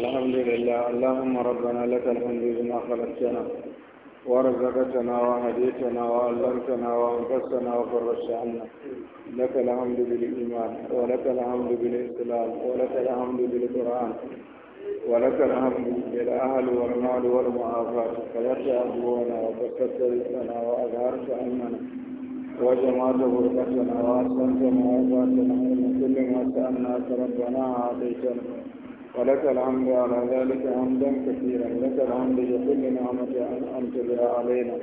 الحمد لله اللهم ربنا لك الحمد بما خلقتنا ورزقتنا وهديتنا وعلمتنا وأنفستنا وفرجت عنا لك الحمد بالايمان ولك الحمد بالاسلام ولك الحمد بالقران ولك الحمد بالاهل والمال والمعافاه فلك ابونا وكفت لنا واظهرت امنا وجمال غرفتنا وأحسنتنا وأبعدتنا من كل ما سألناك ربنا أعطيتنا ولك الحمد على ذلك حمدا كثيرا لك الحمد لكل نعمة أنعمت بها علينا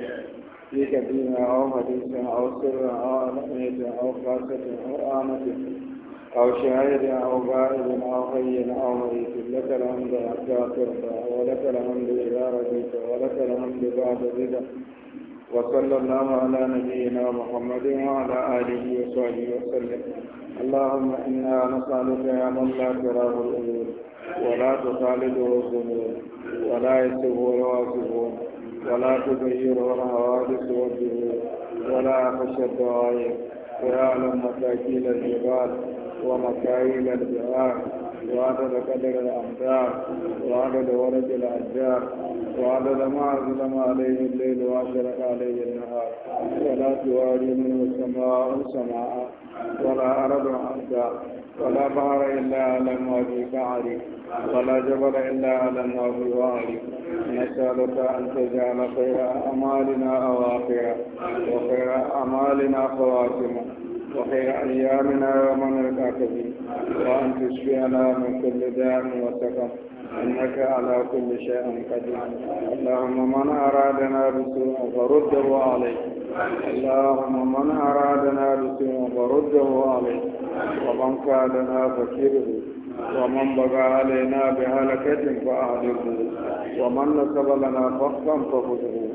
في كثير أو حديث أو سر أو علانية أو خاصة أو آمة أو شاهد أو غائب أو حي أو ميت لك الحمد حتى ترضى ولك الحمد إذا رضيت ولك الحمد بعد رضا وصلى الله على نبينا محمد وعلى آله وصحبه وسلم اللهم إنا نسألك يا من لا تراه الأمور ولا تخالده الظنون ولا يسبه الواصفون ولا تغيره الحوادث والدهور ولا خشى الدعاية ويعلم مكاكيل الجبال ومكاييل البحار وعدد قدر الأحجار وعدد ولد الأحجار وعدد ما أظلم عليه الليل وأشرق عليه النهار ولا تواري منه السماء سماء ولا أرض أرضا ولا بحر إلا على ما في ولا جبل إلا على ما في وعري نسألك أن تجعل خير أعمالنا أواخرا وخير أعمالنا خواتمه وخير أيامنا ومن رضاك به وأن تشفينا من كل داء وسقم إنك على كل شيء قدير اللهم من أرادنا بسوء فرده عليه اللهم من أرادنا بسوء فرده عليه ومن كادنا فكره ومن بغى علينا بهلكة فأهلكه ومن نسب لنا فخا فخذه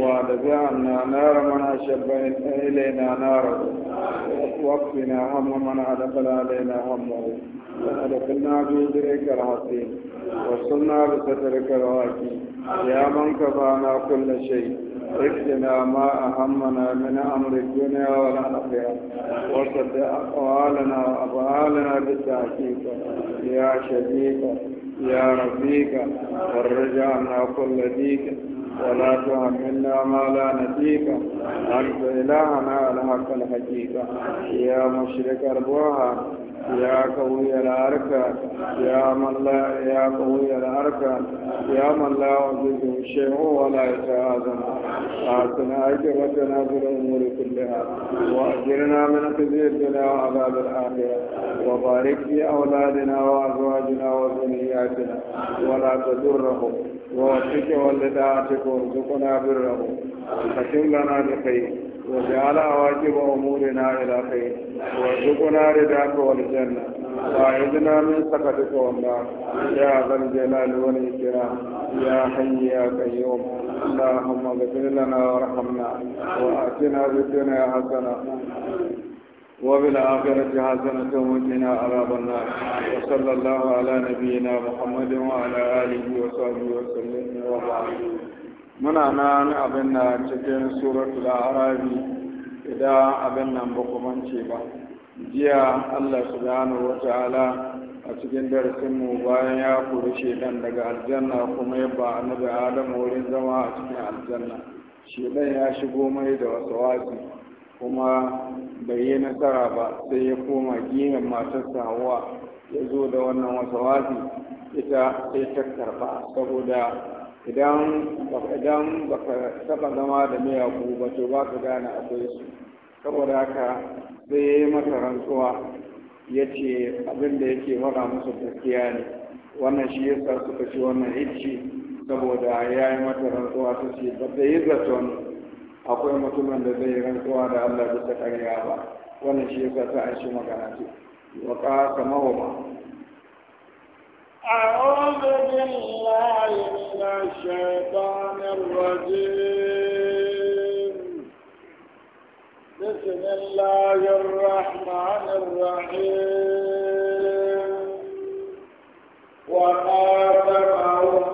وأدفع عنا نار من أشب إلينا ناره واكفنا هم من أدخل علينا همه وأدخلنا في ذريك الحصين وصلنا بسترك الواكي يا من كفانا كل شيء اكتنا ما أهمنا من أمر الدنيا والآخرة وصد أقوالنا وأفعالنا بالتحقيق يا شديد يا رفيق والرجعنا كل ديك ولا تهملنا ما لا نديك أنت إلهنا الحق الحقيقة يا مشرك أربوها يا قوي الأركان يا من لا يا قوي الأركان يا من لا يعجزه شيء ولا يتعاظم آتنا عاقبتنا في الأمور كلها وأجرنا من خزي الدنيا وعذاب الآخرة وبارك في أولادنا وأزواجنا وذرياتنا ولا تضرهم ووفق لطاعتك وارزقنا برهم فكن لنا بخير وجعل واجب أمورنا إلى خير وارزقنا رضاك والجنة وأعذنا من سخطك والنار يا ذا الجلال والإكرام يا حي يا قيوم اللهم اغفر لنا وارحمنا وآتنا بالدنيا حسنة وبالآخرة حسنة وقنا عذاب النار وصلى الله على نبينا محمد وعلى آله وصحبه وسلم وبارك muna nan abin da cikin suratul arabi idan abin nan ba kumance ba jiya allah subhanahu wa ta'ala a cikin darasin mu bayan ya kori shedan daga aljanna kuma ya ba annabi adamu wurin zama a cikin aljanna shedan ya shigo mai da wasu kuma bai yi nasara ba sai ya koma ginin matarsa hawa ya zo da wannan wasu ita sai ta karba saboda idan ba ka taɓa zama da miyagu ba to ba ka gane akwai su saboda haka sai ya yi masa rantsuwa ya ce abin da yake faɗa musu gaskiya ne wannan shi ya sa suka ci wannan hicci saboda ya yi mata rantsuwa su ce ba zai yi zaton akwai mutumin da zai yi rantsuwa da Allah bisa ƙarya ba wannan shi ya ta an shi magana ce wa ƙasa mahoma أعوذ بالله من الشيطان الرجيم بسم الله الرحمن الرحيم وما تبعون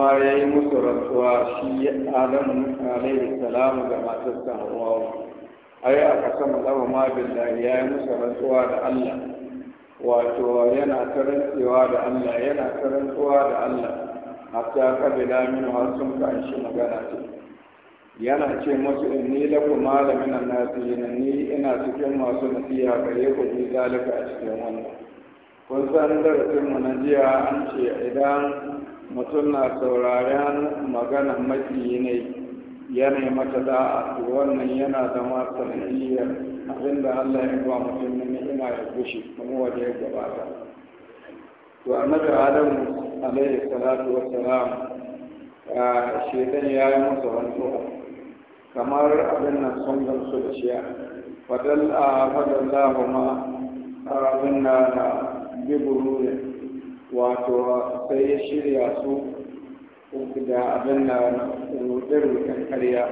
kuma ya yi musu rantsuwa shi adam alaihi salamu ga matarsa hawawa ai aka sama lama ma billahi ya yi musu rantsuwa da Allah wato yana karantsewa da Allah yana karantsuwa da Allah hatta kabila min har sun shi magana ce yana ce musu inni lakum malamin annasiyin ni ina cikin masu nasiha gare ku ni zalika a cikin wannan kun san darasin mu na jiya an ce idan mutum na sauraren magana maki yanayi yanayi mata da wannan yana zama abin abinda Allah ya ba mutum na ina ya gushe kuma waje ya gabata to annabi Adam alaihi salatu a shedan ya yi masa rantsuwa kamar abin nan sun gamsu da shiya fadalla fadalla ma abin na da ne wato sai ya shirya su da abin na rudin karya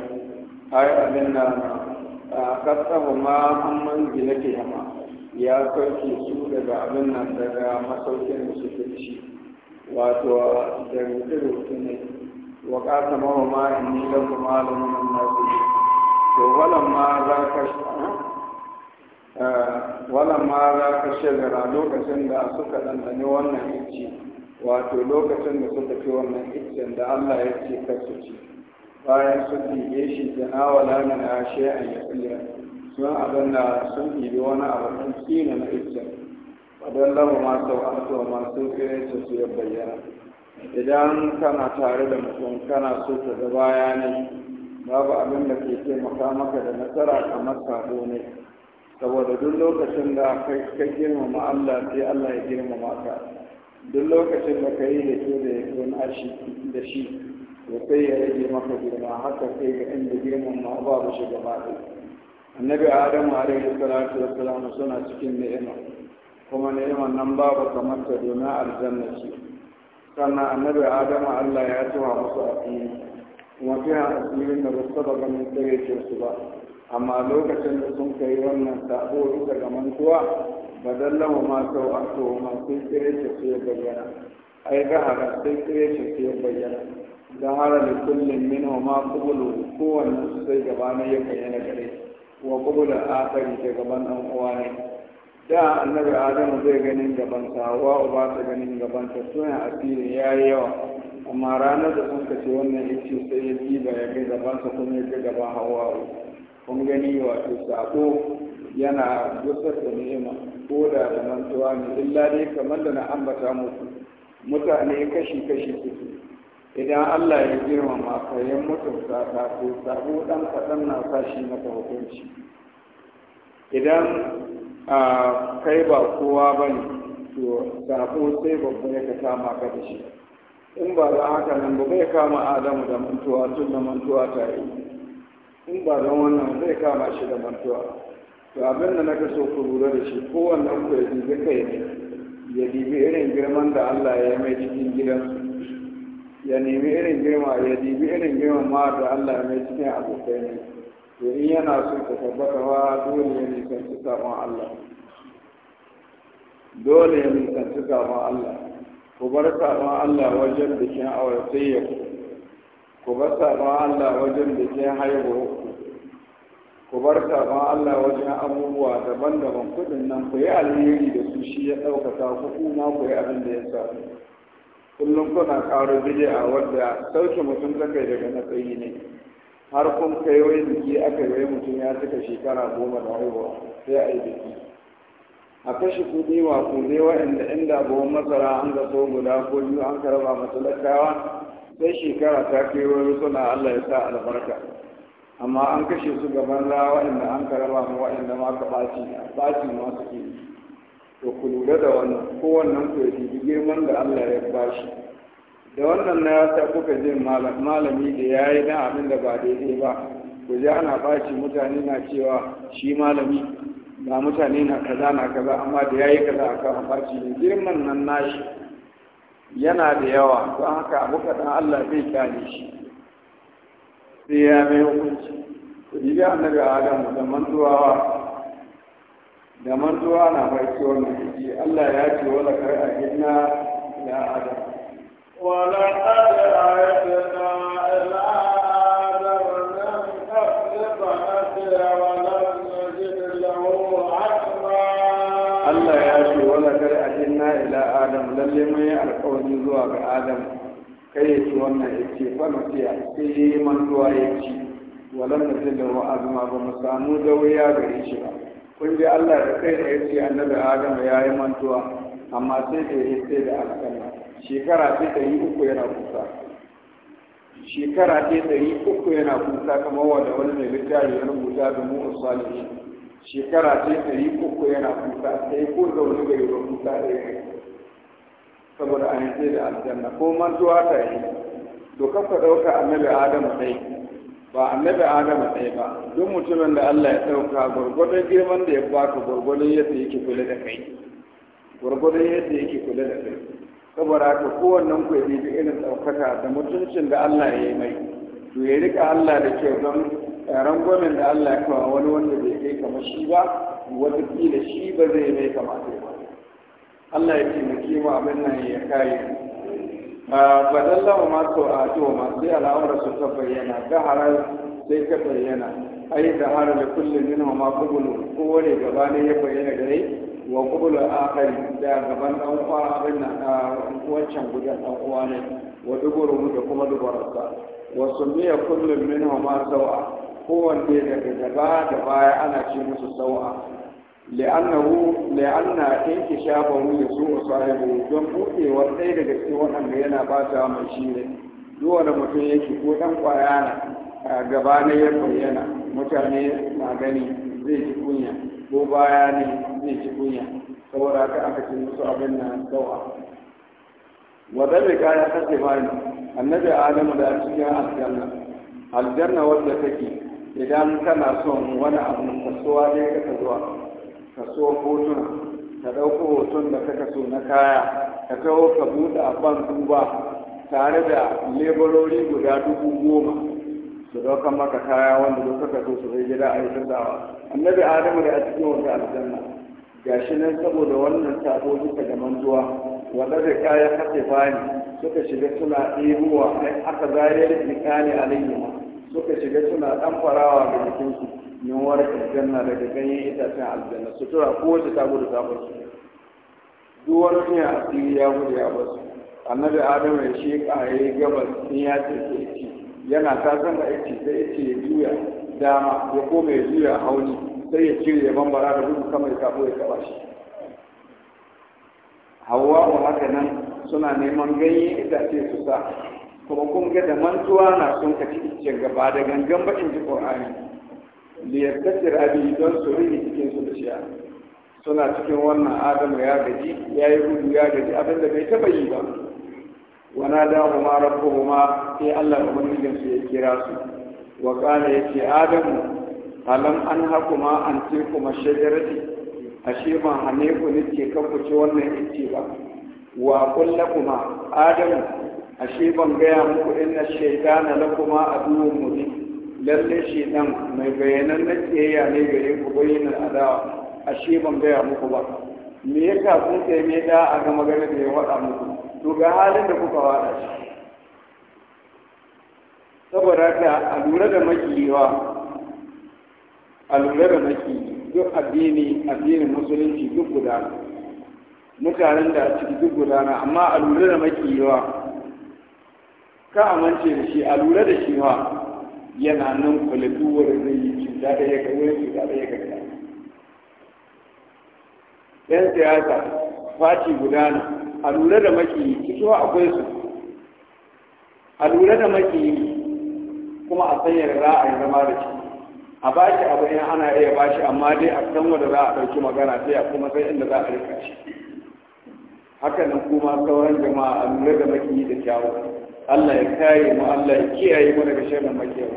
har abin da na kasahu ma an na ke hama ya sauke su daga abin nan daga masaukin da suke shi wato da rudin ne wa kasa mawa ma in ni lafi malamin nan nasu to walan ma za ka Eh, wannan ma za ka shagara lokacin da suka ɗanɗani wannan icci, wato lokacin da suka fi wannan icen da Allah ya ce ka su ci bayan su ɗige shi da lamin a ashe a yasiya sun abin da sun ɗibi wani abu ɗan tsina na icen wadon lama ma sau asuwa sun tsere su ya bayyana idan kana tare da mutum kana so ka ga bayanai babu abin da ke taimaka maka da nasara kamar sabo ne saboda duk lokacin da kai ka girmama Allah sai Allah ya girmama ka duk lokacin da ka yi da ke da ya na da shi to sai ya rage maka girma haka sai ga inda girmama babu shi gaba ɗaya annabi adamu alaihi salatu wassalam suna cikin ni'ima kuma ni'imar nan babu kamar ta domin aljanna ce sannan annabi adamu Allah ya tuwa musu asiri kuma fiha asirin da ba su ganin tsare su ba amma lokacin da sun kai wannan sabo duka ga mantuwa ba dallama ma sau a to ma sai tsere ce su bayyana ai hara sai tsere ce su ya da da kullum min ma kubulu kowanne su sai gaba na ya bayyana gare wa kubula akari da gaban ɗan uwa ne da annabi adamu zai ganin gaban sa wa uba ta ganin gaban ta suna asiri ya yi yawa amma ranar da sun kace wannan ce sai ya diba ya ga gabansa kuma ya ga gaban hawa'u kun gani wato sako yana gusar da ni'ima ko da da tuwa ne illa dai kamar da na ambata muku mutane kashi kashi suke idan Allah ya girmama kayan yan mutunta ta ko sabo dan kaɗan na sashi maka hukunci idan kai ba kowa ba ne to sabo sai babban ya kama ka da shi in ba za haka nan ba bai kama adamu da mantuwa tun da mantuwa ta yi in ba don wannan zai kama shi da mantuwa to abin da ka so ku lura da shi kowannen ku ya dubi kai ne ya dibi irin girman da Allah ya yi mai cikin gidansu ya nemi irin girma ya dibi irin girman ma da Allah ya mai cikin abokai ne to in yana so ka tabbata wa dole ya nisanci sabon Allah dole ya nisanci sabon Allah ku bar ma Allah wajen bikin auratayya ku ku bar sabon Allah wajen da ke haihuwa ku bar sabon Allah wajen abubuwa daban-daban kudin nan ku yi alheri da su shi ya ɗaukata, ku kuma ku yi abin da ya sa kullum kuna ƙaro bidi'a wadda sauke mutum ta kai daga matsayi ne har kun kai wai biki aka yi mutum ya cika shekara goma da haihuwa sai a yi biki a kashe kuɗi wa kuɗi waɗanda inda abubuwan masara an ga so guda ko biyu an karaba masu lakawa sai shekara ta ke wani suna Allah ya sa albarka amma an kashe su gaban ra waɗanda an karama mu waɗanda ma ka ɓaci ɓaci ma suke to ku lura da wannan kowannen ku ya jibi girman da Allah ya bashi da wannan na yasa kuka je malami da ya yi na abin da ba daidai ba ku je ana ɓaci mutane na cewa shi malami na mutane na kaza na kaza amma da ya yi kaza a kan ɓaci ne girman nan nashi yana da yawa don haka abu kaɗan Allah zai kyale shi sai ya mai hukunci ku yi da annabi Adam da mantuwawa da mantuwa na farki wannan jiki Allah ya ce wala kar a gina ya Adam wala kar a gina ila Allah ya ce wala kar a ila adam lalle mai alƙawari zuwa ga adam kai ya ci wannan ya ce a sai ya yi mantuwa ya ci walan na zai da wa'azuma ba mu samu wuya ga shi ba kun ji allah da kai da ya ce annabi adam ya yi mantuwa amma sai da ya sai da alƙalla shekara ta ɗari uku yana kusa shekara ta ɗari uku yana kusa kamar wanda wani mai littafi ya rubuta da salihin shekara sai ɗari uku yana kuka sai ko zaune bai ba kuka ɗaya ne saboda an yi sai da aljanna ko mantuwa ta yi to kafa ɗauka annabi adam dai? ba annabi adam dai ba duk mutumin da Allah ya ɗauka gwargwadon girman da ya baka gwargwadon yadda yake kula da kai gwargwadon yadda yake kula da kai saboda haka kowannen ku ya irin ɗaukaka da mutuncin da Allah ya yi mai to ya rika Allah da kyau don rangwamen da Allah ya kawo wani wanda bai kai kamar shi ba kila shi ba zai mai kamata ba Allah ya muke mu abin nan ya kare ba dallama ma to a to ma sai al'amura su ta bayyana ga harar sai ka bayyana ai da harar da kullum min ma kubulu kowane gaba ne ya bayyana gare wa kubulu akhari da gaban dan uwa abin nan wancan gudan dan uwa ne wa duburu da kuma dubarsa wa sumiya kullum min ma sawa kowanne daga gaba da baya ana ce musu sau'a shafa mu inki so yasu sahibu don buɗewar ɗaya daga cikin waɗanda yana ta mai shi ne zuwa wani mutum yake ko ɗan ƙwaya na gaba na ya bayyana mutane na gani zai ci kunya ko baya ne zai ci kunya saboda haka aka ce musu abin na sau'a wadda bai kaya ta ce annabi adamu da cikin aljanna aljanna wadda take idan kana son wani abu kasuwa ne kaka zuwa kasuwar hotuna ka ɗauko hoton da kaka so na kaya ka kawo ka buɗe a ban duba tare da leburori guda dubu goma su ɗaukan maka kaya wanda duk kaka so su zai gida a yi sassawa annabi adamu da a cikin wata aljanna shi nan saboda wannan sabo duka da manzuwa wanda zai kaya haka bani suka shiga suna ɗebowa aka zayar da ne alayhi suka shiga suna dan farawa ga su min war janna daga ganyen itacen aljanna sutura kowace ta gudu ta bar su duk wani asiri ya gudu ya bar su annabi adamu ya sheka ya yi gabas in ya ce ke ci yana san da aiki sai ya ce ya juya dama ya koma ya juya hauni sai ya cire ya bambara da gudu kamar ya kafo ya taba shi wa haka suna neman ganyen itace su sa kuma kun ga da mantuwa na son ka ci cikin gaba da gangan bakin ji qur'ani liyar tasir abi don su rini cikin su da suna cikin wannan adamu ya gaji ya yi gudu ya gaji abin da bai taɓa yi ba wana da kuma rabu ma sai Allah ubangijin su ya kira su wa ya ce adamu alam an hakuma an ce kuma shajarati ashe ba hane ku ke kan ku ci wannan ice ba wa kullakuma adamu ashe ban gaya muku inna shaitana a aduwwun mubin lalle shaitan mai bayanan na tsayayya ne gare ku bayyana adawa ashe ban gaya muku ba me yasa kun sai me da a ga magana da ya faɗa muku to ga halin da kuka wada shi saboda ka a lura da makiyewa a lura da maki duk addini addini musulunci duk guda mutanen da ciki duk na amma a lura da makiyewa ka amince da shi a lura da shi ma yana nan kwalituwar zai yi cuta da ya ga wani cuta da ya ga gida ɗan siyasa faci gudana a lura da makiyi kisuwa akwai su a lura da makiyi kuma a sanya da za a yi zama da shi a ba shi abu in ana iya ba shi amma dai a san wanda za a ɗauki magana sai a kuma sai inda za a rika shi haka nan kuma sauran jama'a a lura da makiyi da kyawu Allah ya kare mu Allah ya kiyaye mu daga sharrin makiyar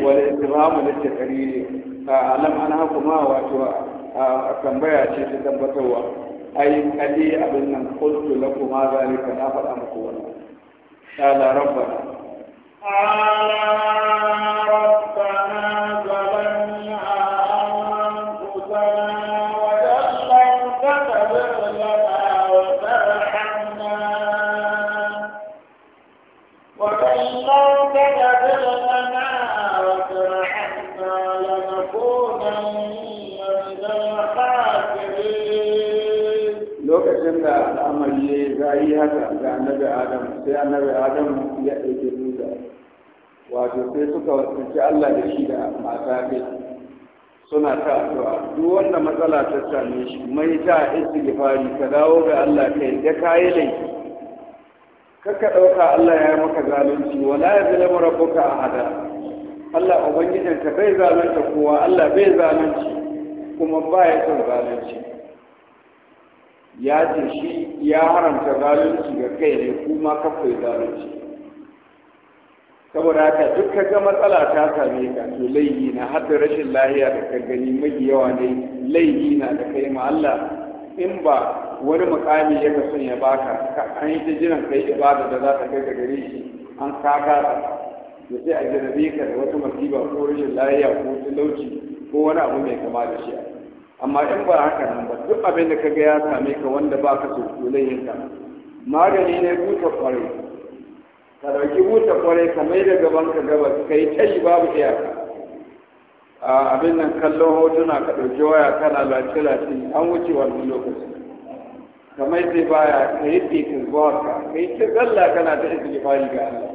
wal istifamu lit takriri alam an hakuma wato tambaya ce ta tabbatarwa ai kadi abin nan qultu lakum ma zalika na faɗa muku wannan qala rabbana rabbana lokacin da al'amari ya yi haka ga annabi adam sai annabi adam ya ɗauke dutse wato sai suka wasanci allah da shi da mata ne suna ta addu'a duk wanda matsala ta same shi mai ta istighfari ka dawo ga allah kai ka kayi laifi kakka ɗauka allah ya yi maka zalunci wala ya zalama a hada. allah ubangijinka bai zalunta kowa allah bai zalunci kuma ba ya son zalunci ya ce shi ya haramta zalunci ga kai ne kuma kafai zalunci saboda haka duk ka ga matsala ta same ka to laifi na har da rashin lahiya da ka gani mai yawa ne laifi na da kai ma Allah in ba wani mukami ya ka son ya baka an yi ta jiran kai ibada da za ta kai ga gare shi an kaka da sai a jarabe ka da wata masiba ko rashin lahiya ko talauci ko wani abu mai kama da shi a amma in ba haka nan ba duk abin da kaga ya same ka wanda ba ka so to lai ka magani ne buta kwarai ka dauki buta kwarai ka mai da gaban ka gabas ka yi tayi babu iyaka a abin nan kallon hotuna ka dauki waya kana lace lace an wuce wannan lokaci ka mai sai baya ka yi titin zuwa ka ka yi ta zalla kana ta istighfari ga Allah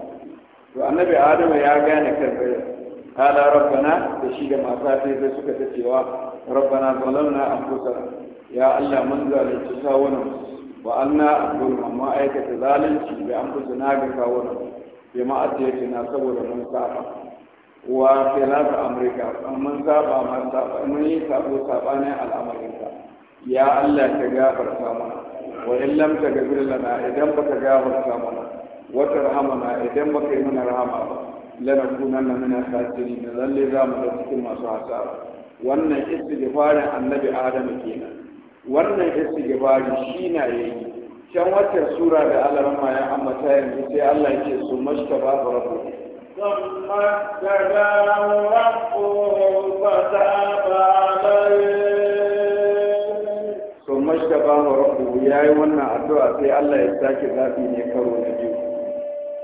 to annabi Adamu ya gane kan kala rabbana da shi da mata sai sai suka ta cewa rabbana zalamna anfusana ya Allah mun zalunci kawunan wa anna abdul amma aikata zalunci da anfusana ga kawunan bi ma'asiyatina saboda mun saba wa khilafa amurka mun saba mun saba mun yi sabo sabanin ya Allah ka gafarta mana wa in lam tagfir idan baka idan mana rahama ba na min al na lalle za mu ga cikin masu hasara wannan istighfarin annabi adamu kenan wannan istighfari shi na yayi can wata sura da Allah ma ya ambata yanzu sai Allah ya ce su mashtaba rabbu ثم اجتباه ربه فتاب عليه ثم اجتباه ربه يا أيها الناس أدعوا الله يستاكي karo na biyu.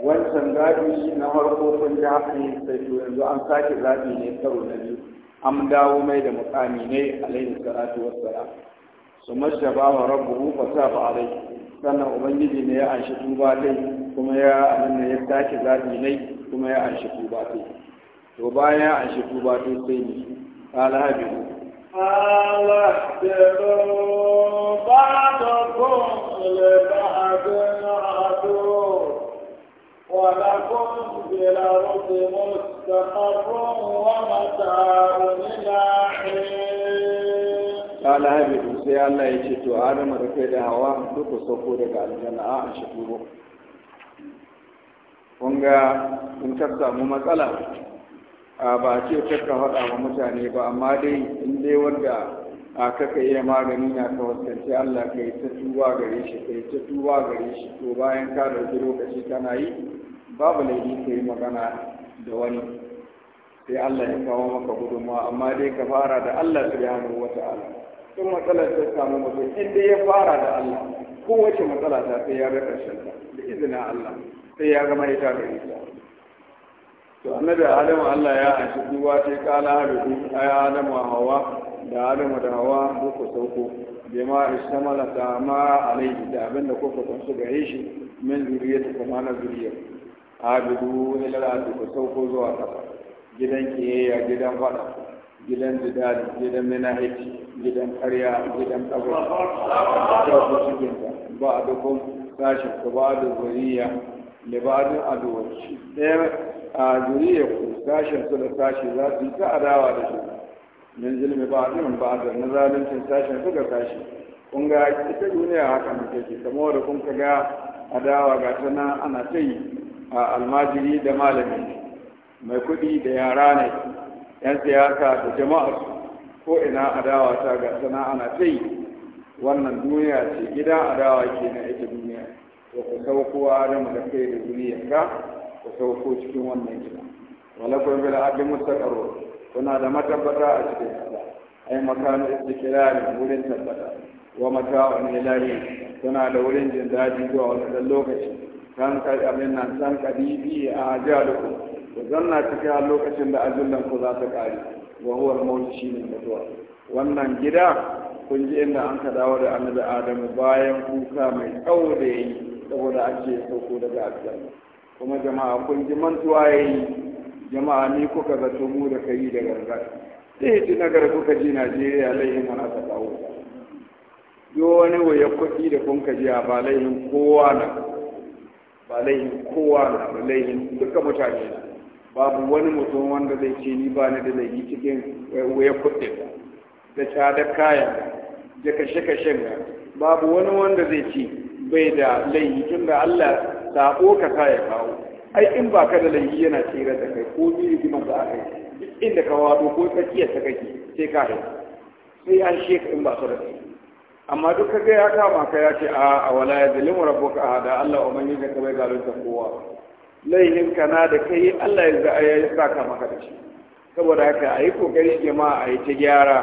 wancan zaɓi na farko kun ji haka sai to yanzu an sake zaɓi ne karo na biyu an dawo mai da mukami ne alaihi salatu wassalam su mashaba wa rabbuhu fa taba alai sannan ubangiji ne ya anshi tuba dai kuma ya abin ne ya sake zaɓi ne kuma ya anshi tuba dai to bayan ya anshi tuba dai sai ne qala habibu qala habibu ba'dakum li ba'din adu ولكم في الأرض مستقر ومتاع إلى قال هبطوا sai Allah ya ce to Adamu da kai da Hawa duk ku sauko daga aljanna a kun ta samu matsala a ba ce kakka faɗa wa mutane ba amma dai in dai wanda a kaka iya magani na ka wasance Allah ka yi ta tuba gare shi ka yi ta tuba gare shi to bayan ka ɗauki lokaci kana yi babu laifi ka yi magana da wani sai Allah ya kawo maka gudunmawa amma dai ka fara da Allah subhanahu wata allah. in matsalar ta samu mutum in dai ya fara da Allah kowace matsala ta sai ya ga ƙarshen ta da izinin Allah sai ya gama ita da ita to annabi Adamu Allah ya anshi duwa sai kala habibu ya Adamu hawa da adamu da hawa duka sauko bima istamala ta ma alaihi da abin da kuka kunsu gare shi min zuriyatu kuma na zuriyar abidu ila da ku sauko zuwa kafa gidan kiyayya gidan fada gidan jidali gidan minahici gidan karya gidan tsago da ku cikin ta ba a dukkan sashi ku ba da zuriya ne ba da aduwa ɗaya a zuriya ku sashen su da sashi za su yi ta adawa da shi min zulmi ba min ba a na zaluncin sashen su ga kun ga ita duniya haka mun take kuma da kun ga adawa ga ta nan ana ta yi a almajiri da malami mai kuɗi da yara ne yan siyasa da jama'a ko ina adawa ta ga ta nan ana ta yi wannan duniya ce gida adawa ke na ita duniya to ku sauko adamu da kai da duniya ka ku sauko cikin wannan gida wala kuma bil ta mustaqarrun suna da matabbata a cikin sa ai makanu istikrar wurin tabbata wa mata'un ilahi suna da wurin jin daɗi zuwa wani ɗan lokaci kan kai abin nan san bibi a ajaluku ku zanna cikin a lokacin da ajullan ku za ta ƙare wa huwa al ne da mutuwa wannan gida kun ji inda an ka dawo da annabi adamu bayan kuka mai tsawo da saboda ake sauko daga aljanna kuma jama'a kun ji mantuwa yi. jama'a ni kuka zato mu da kai da gargar sai ji na kuka ji najeriya laihin mana ta kawo yo wani waya kuɗi da kun kaji a ba laihin kowa na ba laihin kowa na ba laihin duka mutane na babu wani mutum wanda zai ce ni ba ni da laifi cikin waya kuɗi da da kaya da kashe-kashen babu wani wanda zai ce bai da laifi tun da allah sabo ka kaya ya kawo ai in ba ka da laifi yana tsira da kai ko ni rigimar da aka yi inda ka wado ko tsakiyar ta kake sai ka rai sai an shek in ba su da kai amma duk ka ga ya kama ka ya ce a wala ya zalimu rabbuka hada, Allah ubangiji ka bai galunta kowa laihin ka na da kai Allah ya za'a ya saka maka da shi saboda haka a yi kokari jama'a a yi ta gyara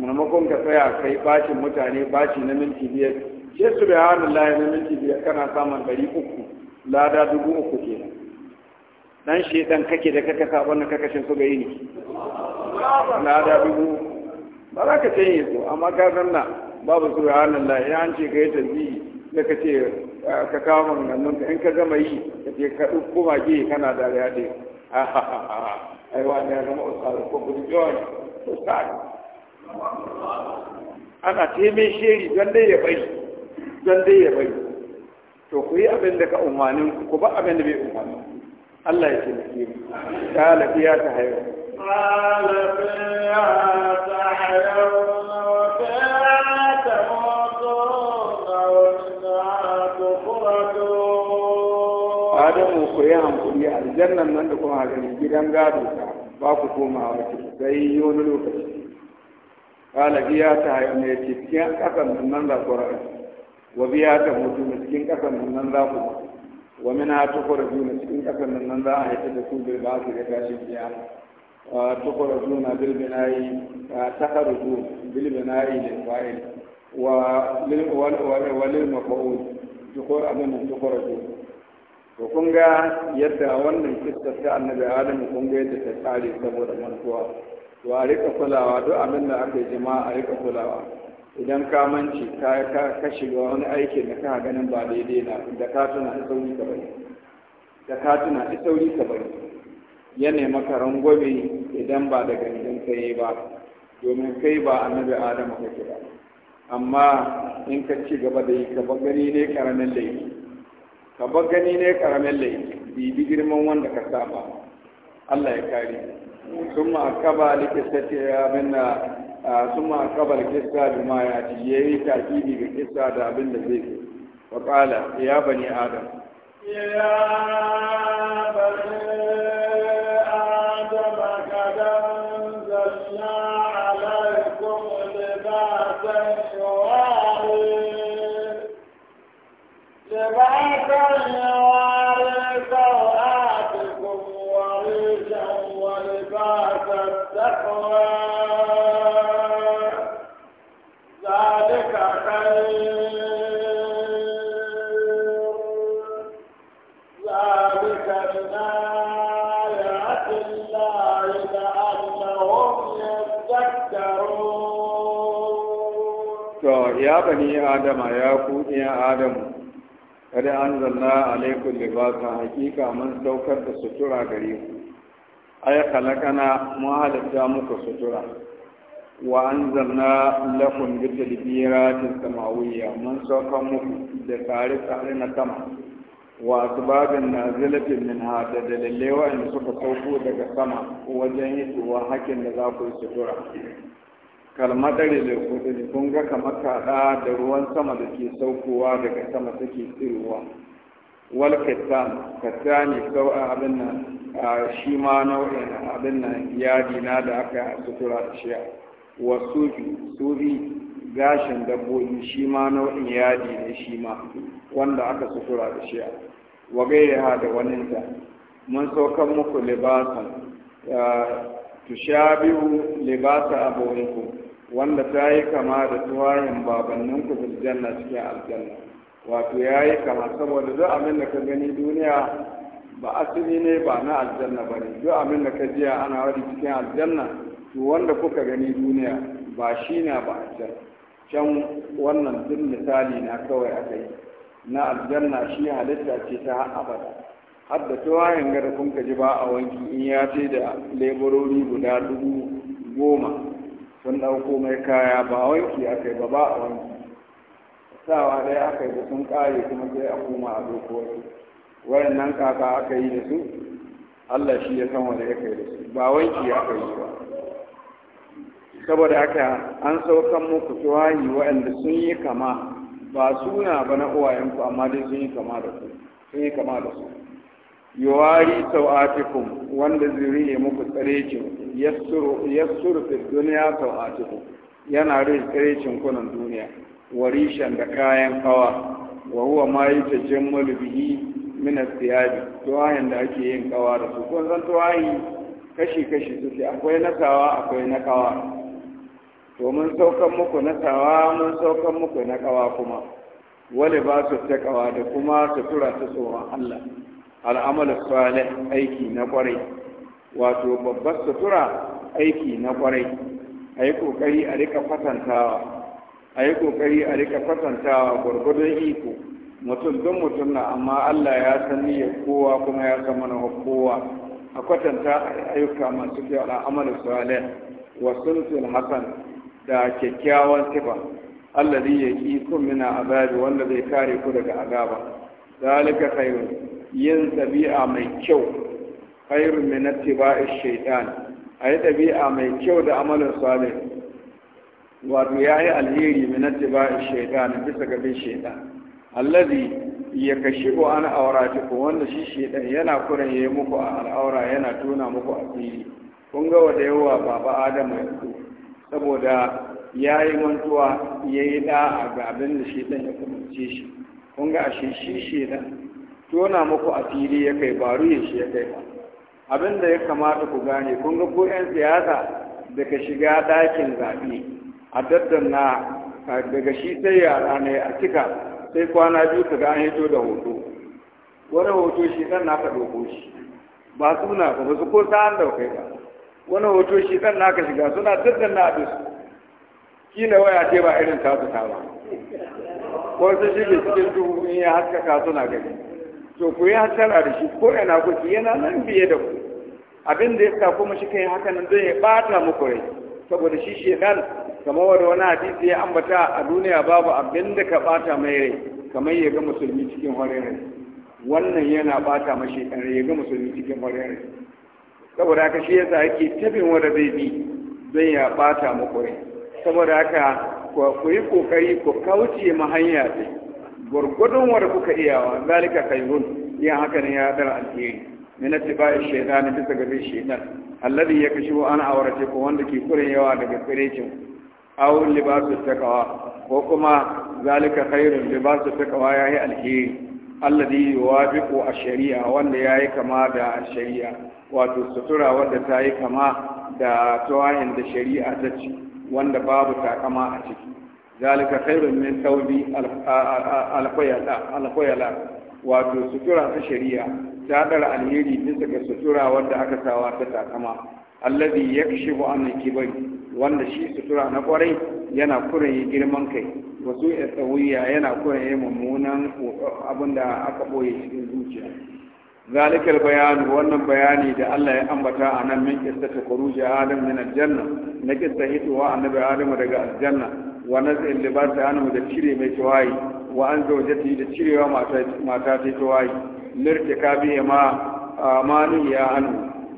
maimakon ka tsaya kai bacin mutane baci na minti biyar sai su da hannun layi na minti biyar kana samun ɗari uku lada dubu uku ke dan dan kake da kaka sabon da kakashin su ga ni na da dubu ba za ka yi su amma ka na babu su ya ya an ce ka yi tanzi da ka ce ah, ka kawo nan nan in ka gama yi ka je ka ɗauko mage kana da ya ce ai wa ne zama ustaz ko gudu joy ustaz ana teme sheri don dai ya bai don dai ya bai to ku yi abin da ka umarnin ku ba abin da bai umarnin Allah ya tilke mu ta lafiya ta hayo lafiya ta hayo Adamu ku yi hankuri aljannan nan da kuma gani gidan gado ta ba ku komawa ce sai yi wani lokaci. Kalabi ya ta hayo mai cikin ƙasan nan za ku ra'ayi, wa biya ta mutu cikin ƙasan nan za ku mutu. wa min ha tukhrajuna cikin kasar nan nan za a haita da su bil ba'thi da tashin kiyama tukhrajuna bil binayi takharuju bil binayi lil fa'il wa lil wal wal maf'ul tukhr abun tukhrajuna to kun ga yadda wannan kissa ta annabi adam kun ga saboda mantuwa to a rika kulawa duk abin da aka yi jama'a a rika kulawa idan ka manci ka shiga wani aikin da ka ganin ba daidai na da ka tuna da sauri ka bari da ka tuna ta sauri ka bari ya nemi ka gobe idan ba da gidan ka ba domin kai ba annabi adamu ka ba amma in ka ci gaba da yi ka gani ne karamin laifi ka gani ne karamin laifi bibi girman wanda ka saba Allah ya kare sun ma akaba likita ce ya minna آه، ثم أقبل القصة بما يأتي يهي تأكيدي بالقصة دا أبن ذيك وقال يا بني آدم يا بني آدم قد أنزلنا عليكم لباسا يواري لباسا ya bani adama ya ku iya adamu kada an zanna alaikun libasa hakika mun saukar da sutura gare ku ay khalaqana mu halatta muku sutura wa anzalna lakum bi tadbiratin samawiyya mun saukan muku da tsare tsare na sama wa asbabin nazilatin min hada da lalle wa'anda suka sauko daga sama wajen yi wa hakin da za ku yi sutura kalmadare da kudin kun ga kamar kaɗa da ruwan sama da ke saukowa daga sama take tsirowa wal kattan ne sau a abin nan shi ma nau'in abin nan yadi na da aka sutura da shi wa sufi sufi gashin dabbobi shi ma nau'in yadi ne shi ma wanda aka sutura da shi wa gaira da ta mun saukan muku libasan tushabihu libasa abawaykum wanda ta yi kama da tuwarin babanninku da janna cikin aljanna wato ya yi kama saboda duk abin da ka gani duniya ba asali ne ba na aljanna ba ne duk abin da ka jiya ana wadi cikin aljanna to wanda kuka gani duniya ba shi na ba aljanna can wannan duk misali na kawai aka yi na aljanna shi halitta ce ta abada Hadda da tuwayen gada kun ka ji ba a wanki in ya ce da leburori guda dubu goma sun ɗauko mai kaya ba a wanki aka yi ba ba a wanki sawa dai aka yi da sun ƙare kuma sai a koma a dokowarsu wayan nan kaka aka yi da su allah shi ya san wanda ya kai da su ba wanki aka yi ba saboda haka an saukan muku tuwayi wa'anda sun yi kama ba suna ba na uwayenku amma dai sun yi kama da su sun yi kama da su Yawari sau'atikum wanda zuriye muku tsarecin yassuru fi duniya sau'atikum yana rai tsarecin kunan duniya warishan da kayan kawa wa huwa ma yi ta jammalu bihi min asiyabi tuwahin da ake yin kawa da su kun san tuwahi kashi kashi suke akwai nasawa akwai na kawa to mun saukan muku nasawa mun saukan muku na kawa kuma wale ba su ta kawa da kuma sutura ta tsoron Allah al'amal salih aiki na kwarai wato babbar sutura aiki na kwarai a yi ƙoƙari a rika fatantawa, a yi kokari a rika kwatantawa gwargwadon iko mutum don mutum na amma allah ya san niyyar kowa kuma ya san mana kowa a kwatanta ayyuka masu kyau al'amal salih wa sulhul hasan da kyakkyawan Allah sifa ƙi kun mina azabi wanda zai kare ku daga azaba zalika khairun yin ɗabi'a mai kyau khairu min ittiba'i shaytan ayi ɗabi'a mai kyau da amalin salih wato yayi alheri min ittiba'i shaytan bisa ga bin shaytan allazi ya kashi ko an aurati ko wanda shi shaytan yana kuran yayi muku al'aura yana tona muku asiri kun ga wanda yawa baba adam ya saboda ya yi mantuwa ya yi da'a ga abin da shaitan ya umarce shi kun ga ashe shi shaitan tona muku a fili ya kai faru ya shi ya kai ba abin da ya kamata ku gane kun ga ko 'yan siyasa daga shiga ɗakin zaɓe a daddan na, daga shi sai yara ne a cika sai kwana biyu ka gane hito da hoto wani hoto shi ɗan naka ɗauko shi ba suna ba ba su ko sa'an daukai ba wani hoto shi ɗan naka shiga suna na a Ki kila waya ce ba irin tasu ta ba ko su ne cikin duhu in ya haskaka suna gani to ku yi hasara da shi ko yana kuke yana nan biye da ku abin da ya sa kuma shi kai haka nan zai bata muku rai saboda shi shedan kamar wanda wani hadisi ya ambata a duniya babu abin da ka bata mai rai kamar ya ga musulmi cikin horin rai wannan yana bata mashi shedan rai ya ga musulmi cikin horin rai saboda haka shi yasa yake tabin wanda zai bi zai ya bata muku rai saboda haka ku yi kokari ku kauce ma hanya gwargwadon wanda kuka iyawa zalika khairun iya haka ne ya dar alheri ne, min attiba'i shaytan bisa gabe shaytan alladhi yakshifu an ko wanda ke yawa daga firecin aw libasu takawa ko kuma zalika khairun libasu ya yayi alheri alladhi yuwafiqu a sharia wanda yayi kama da shari'a wato sutura wanda ta yi kama da tawahin da shari'a ta ci wanda babu takama a ciki zalika khairun min tawbi alkhayala wato sutura ta shari'a ta dara alheri bisa ga sutura wanda aka sawa ta takama alladhi yakshifu an kibai wanda shi sutura na kwarai yana kuraye girman kai wasu ya tsawiya yana kuraye mummunan da aka boye cikin zuciya zalikar bayan wannan bayani da Allah ya ambata a nan min qissati khuruj adam min aljanna na qissa hituwa annabi adam daga aljanna wa naz'il libas anhu da cire mai tawayi wa an zawjati da cirewa mata mata ta tawayi lirtika bi ma amani ya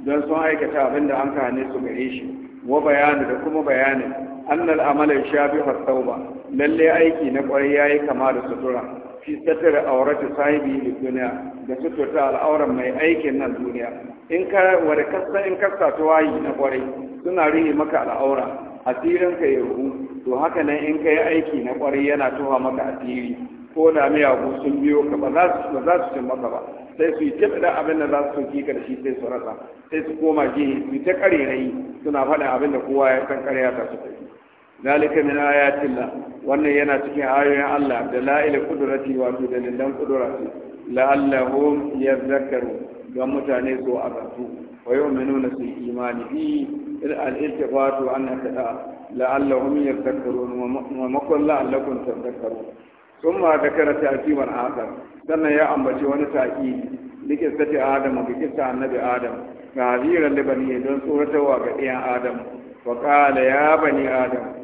don sun aikata abin da an kane su gare shi wa bayani da kuma bayanin annal amala shabihu tauba lalle aiki na kwarai yayi kama da sutura fi tattara auratu sahibi da duniya da suturta al'auran mai aikin nan duniya in ka wada kasta in kasta ta wayi na kwarai suna rihe maka al'aura asirin ka ya ruhu to haka nan in ka yi aiki na kwarai yana tuha maka asiri ko da miyagu sun biyo ka ba za su cin maka ba sai su yi ta abin da za su soki ka da shi sai su rasa sai su koma jihi su ta kare suna faɗin abin da kowa ya san karya ta su kai zalika min ayatillah wannan yana cikin ayoyin Allah da la'il qudrati wato da dalilan qudrati la'allahum yadhakkaru don mutane su azantu wa yu'minuna su imani bi al-iltifatu an kada la'allahum yadhakkarun wa makon la'allakum tadhakkarun thumma dhakara ta'kiman akhar sannan ya ambaci wani ta'kidi likin sati adam ga kisa annabi adam ga hadiran libani don tsoratarwa ga ɗayan adam wa qala ya adam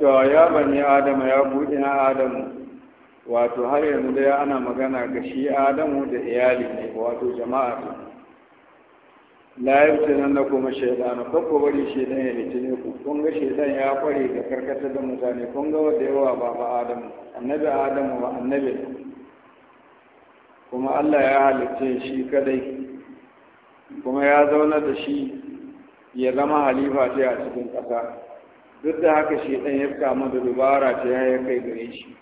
cewa ya bani adama ya buɗe na adamu wato har yanzu ya ana magana ga shi adamu da iyali ne wato jama'a ne la yabta nan na kuma shaidanu ko ko bari shaidan ya ne ku kun ga shaidan ya kware ga karkatar da mutane kun ga wanda yawa ba ba adamu annabi adamu ba annabi kuma Allah ya halitta shi kadai kuma ya zauna da shi ya zama halifa ce a cikin ƙasa duk da haka shedan ya kama da dubara ce ya kai gare shi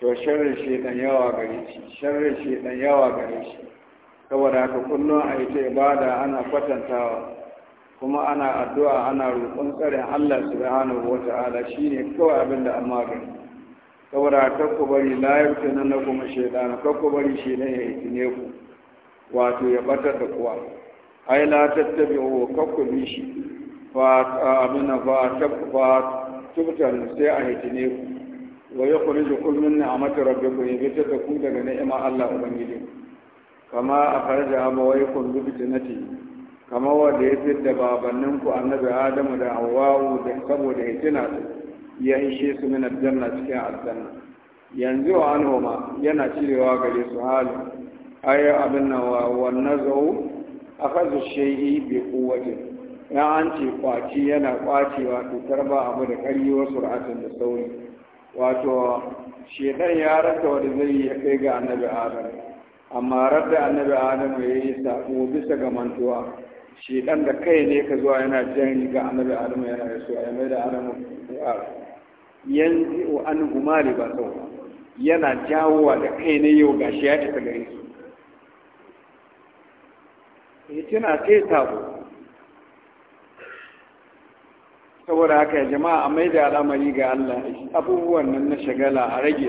to sharrin shedan yawa gare shi sharrin shedan yawa gare shi saboda haka kullum a yi ta ibada ana kwatantawa kuma ana addu'a ana roƙon tsarin Allah subhanahu wa ta'ala shine kawai abinda da an magani saboda kakku bari layar nan na kuma shaidan kakku bari shi ne ya hitine ku wato ya batar da kuwa ai la tattabi wa kakku bi shi fa amina fa tabku fa tubtan sai a hitine ku wa yukhriju kul min ni'mati rabbikum yabitar da ku daga ni'ima Allah ubangiji kama a akhraja amawaykum bi fitnatihi kama wanda ya fi da babanninku annabi adamu da hawa'u da saboda hitina su ya ishe su min aljanna cikin aljanna yanzu wa anhuma yana cirewa gare su halu ayi abin nan wa wannazu akhadhu shay'i bi quwwati ya an ce kwaci yana kwacewa cutar ba abu da karyi wa sur'atin da sauri wato shedan ya rasa wani zai ya kai ga annabi adam amma radda annabi adam ya yi sako bisa ga mantuwa shedan da kai ne ka zuwa yana jan riga annabi adam yana yaso ya mai da adam yanzu wa an humari ba sau yana jawowa da kai na yau shi ya isa gare su tuna sai sabo saboda haka ya jama'a a mai da al'amari ga Allah abubuwan nan na shagala a rage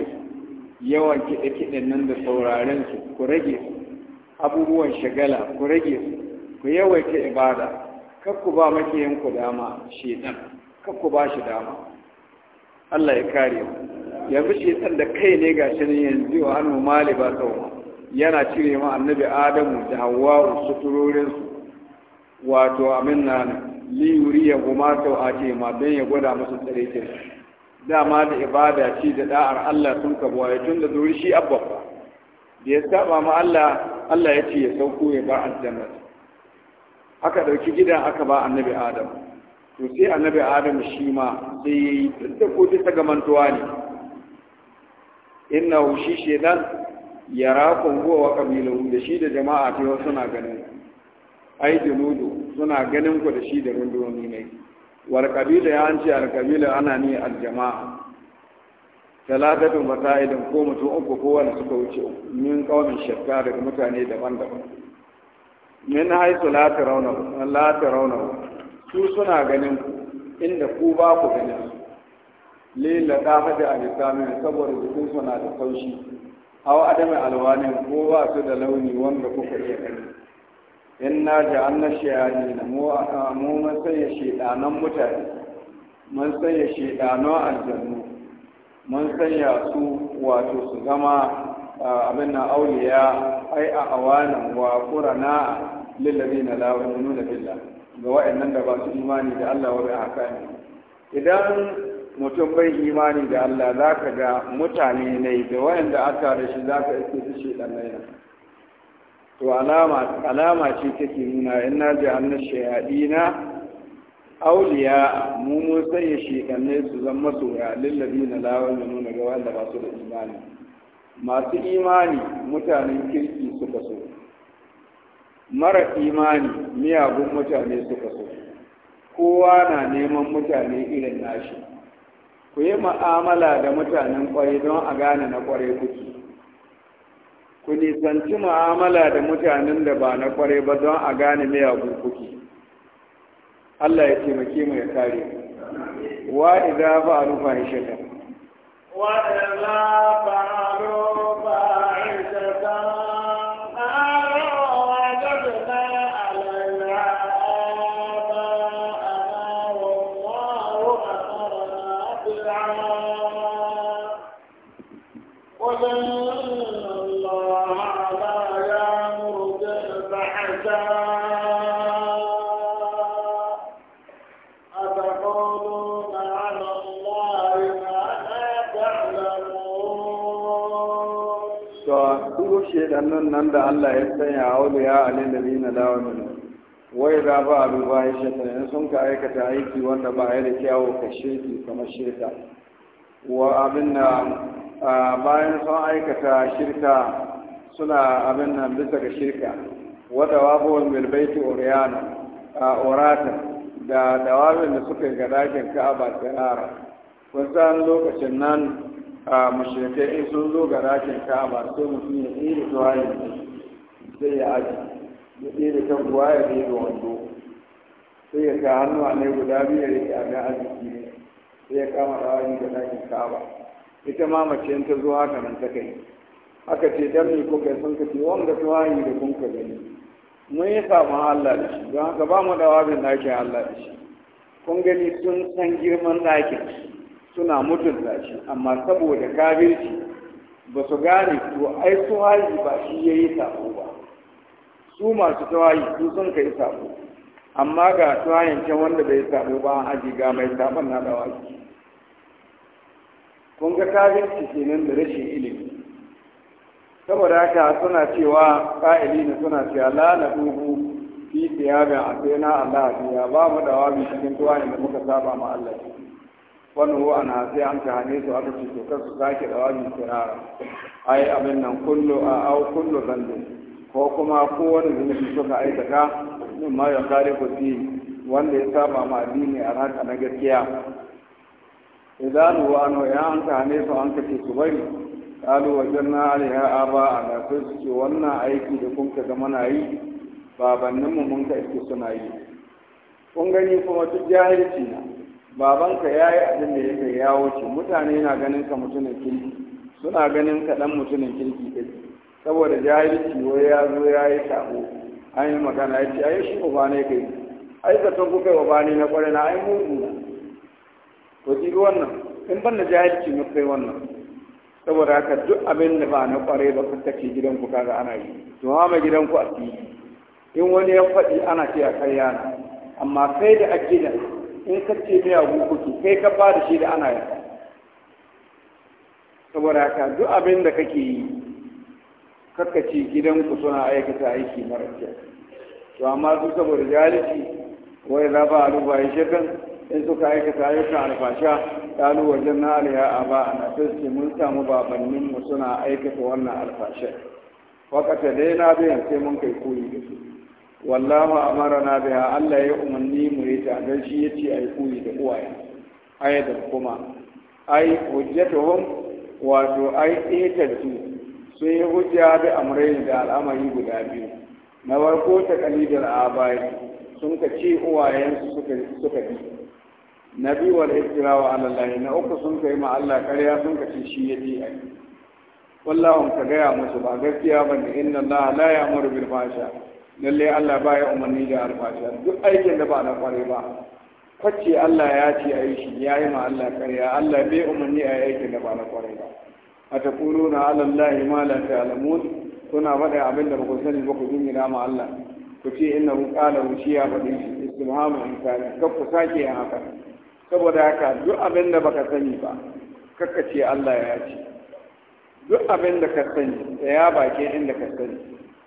su yawan kiɗe-kiɗen nan da sauraren su ku rage su abubuwan shagala ku rage su ku yawaita ibada kakku ba ku dama shi ɗan, kakku ba shi dama Allah ya kare mu yanzu shetan da kai ne ga shi ne yanzu wa hannu mali ba tsawo yana cire ma annabi adamu da hawa'u su wato amin na li yuriya goma ce ma don ya gwada musu tsare Da dama da ibada ce da da'ar Allah sun kabuwa ya tun da zuri shi abba da ya saba ma Allah Allah ya ce ya sauko ya ba aljanna aka dauki gidan aka ba annabi Adam to sai annabi adam shi ma sai ya yi duk da ko ta gamantuwa ne inna shi dan ya rakon huwa wa kabilan da shi da jama'a ta yau suna ganin ai junudu suna ganin ku da shi da rundunoni ne war kabila ya an ce al kabila ana ne al jama'a talatatu fasa'idin ko mutum uku ko wani suka wuce min kaumin shakka daga mutane daban-daban min haisu la tarawna la tarawna su suna ganin ku inda ku ba ku ganin su lila da hada alisamin saboda jikin suna da taushi hawa adamin alwanin ko ba su da launi wanda kuka iya gani In na an na shayani na mu man sanya shaidanan mutane man sai shedanan aljannu man sanya su wato su zama abin na auliya ai a awanan wa na lillazina la nuna billah ga wa'annan da ba su imani da Allah wa haka ne idan mutum bai imani da Allah za ka ga mutane ne da wa'anda aka da shi za ka iske su shi ɗan to alama ce take nuna in na ji shayadi na? auliya mu shi sanya ne su zan masoya lillabi na lawan da nuna ga wanda ba su da imani masu imani mutanen kirki suka so mara imani miyagun mutane suka so kowa na neman mutane irin nashi ku yi ma'amala da mutanen kwarai don a gane na kwarai kuke ku nisanci ma'amala da mutanen da ba na kwarai ba don a gane miyagun kuke Allah ya taimake mu ya kare mu wa idza fa'alu fahishatan wa idza fa'alu shannun nan da Allah ya sanya audu ya alin da zina dawa min wai za ba a duba ya shaitan in sun ka aikata aiki wanda ba ya da kyawu ka shirki kamar shirka wa abin da bayan sun aikata shirka suna abin nan bisa ga shirka wadda wabuwan bilbaiti oriyana a orata da dawabin da suka ga dakin ka'aba tsirara kun san lokacin nan mushrikai in sun zo ga rakin ka'aba sai mutum ya tsere tuwayen sai ya aji ya tsere kan buwa ya tsere wando sai ya sa hannu a ne guda biyar ya rike abin arziki ne sai ya kama rawani ga rakin ka'aba ita ma mace ta zo haka nan ta kai haka ce dan ko kai sun ka ce wanda tuwayen da kun ka gani mun yi samun Allah da shi don haka ba mu da wabin ɗakin Allah da shi kun gani sun san girman ɗakin suna mutunta shi amma saboda kafirci ba su gane to ai tawayi ba shi ya yi ba su masu tawayi su sun kai sako amma ga tawayin can wanda bai sako ba an aji ga mai sabon na dawaki kun ga kafirci kenan da rashin ilimi saboda haka suna cewa ƙa'ili ne suna cewa la na dubu fi siyabin a sai na Allah ya ba mu dawa bi cikin tuwayen da muka saba ma Allah wannan ruwa na sai an hane su aka ce tokar su sake da wani kirara ai abin nan kullu a au kullu zandin ko kuma kowane zunubi suka aikata min ma ya kare ku wanda ya saba ma addini a raka na gaskiya idan ruwa an ya an hane su an ce su bari kalu wajen na alaiha aba a da sai su ce wannan aiki da kun kaga muna yi babanninmu mun ka iske suna yi kun gani kuma duk jahilci na babanka ya yi abin da ya kai ya wuce mutane na ganin ka mutumin kirki suna ganin ka dan mutumin kirki ɗin saboda jahilci wai ya zo ya yi sabo an yi magana ya ce ai shi uba ne kai ai tun kuka yi uba ne na kwarai na ai mugu na to ji wannan in ban da jahilci na kai wannan saboda haka duk abin da ba na ƙwarai ba ka take gidan ku kaga ana yi to ma gidan ku a in wani ya faɗi ana ce a kai yana amma kai da a gidan in ka ce mai abu kai ka ba da shi da ana yarda saboda haka duk abin da kake yi gidan ku suna aikata aiki mara kyau to amma duk saboda jahilci wai za ba aluba yi shekan in suka aikata ayyukan alfasha alu wajen na aliya a ba a na sassi mun samu babannin mu suna aikata wannan alfasha wakata dai na biyan sai mun kai koyi da su wallahu amara na biya Allah ya umarni mu ta don shi ya ce a yi koyi da uwaye aya da kuma ai hujjatuhum wato ai ɗetattu sun yi hujja da amrai da al'amari guda biyu na farko ta kalidar abai sun ka ce uwayensu suka bi na biyu wal iftirawa alallahi na uku sun kai ma Allah ƙarya sun ka ce shi ya ce yi. wallahun ka gaya musu ba gaskiya ba ne inna Allah la ya'muru bil fahsha lalle Allah ba ya umarni da alfasha duk aikin da ba na kware ba kwace Allah ya ce a yi shi ya yi ma Allah karya Allah bai umarni a aikin da ba na kware ba a ta kuro na alallahi ma la ta alamun kuna faɗa abin da ba ku sani ba ku yi jingina ma Allah ku ce inna hu qala hu shi ya faɗi shi istimhamu insani kar ku sake yin haka saboda haka duk abin da baka sani ba kakka ce Allah ya ce duk abin da ka sani da ya bakin inda ka sani